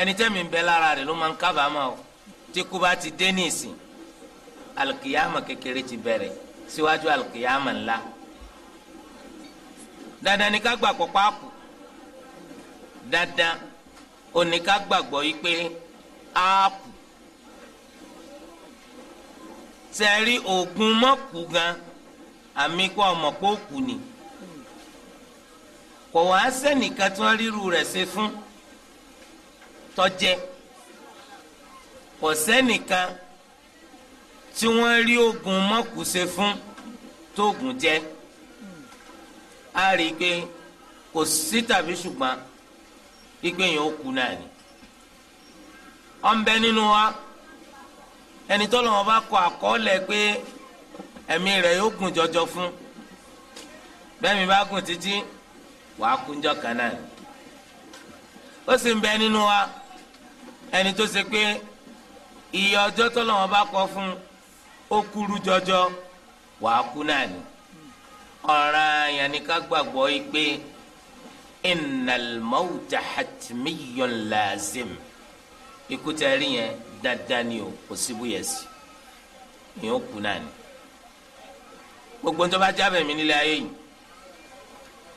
ẹni tẹ́mi ń bẹ lára rẹ̀ ló máa ń kábàámọ̀ o tí kú bá ti dé ní ìsìn alikiyama kékeré ti bẹ̀rẹ̀ síwájú alikiyama ńlá dandan ni ká gbà kọ́kọ́ àpò dandan òní ká gbàgbọ́ yìí pé àpò sẹ́rí òkun mọ́kù gan àmì kọ́ ọmọ kó kù ni kò wá sẹ́nìkan tí ríru rẹ̀ ṣe fún tọ́jẹ́ kò sẹ́nìkan tí wọ́n rí oògùn mọ́kùsẹ fún tóògùn jẹ́ a rí i pé kò sí tàbí ṣùgbọ́n igbe yẹn ó kú náà ni ọ̀nbẹ nínú wa ẹni tó lọ́wọ́ bá kọ àkọọ́lẹ̀ pé ẹ̀mí rẹ̀ yóò gùn jọjọ fún bẹ́ẹ̀ mi bá gùn títí wàá kúnjọ́ kan náà ni ó sì ń bẹ nínú wa ẹni tó ṣe pé iye ọjọ́ tó lọ́wọ́ bá kọ fún un ó kúrú jọjọ wàá kú náà ni ọ̀ràn yẹn ni ká gbàgbọ́ yìí pé innal mawta hatmiyyun lazim ikú tẹ rí yẹn dandan ni o kò síbú yẹn sí ìyẹn ó kú náà ni gbogbo nítorí bá jábẹ̀ mí nílé ayé yìí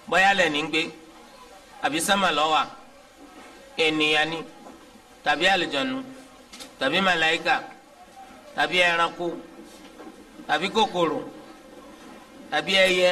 bóyá lẹ̀ ní gbé àbí sámà lọ́wà ènìyàn ni tàbí àlùjọ̀nù tàbí màláìkà tàbí ẹranko àbí kòkòrò àbí ẹyẹ.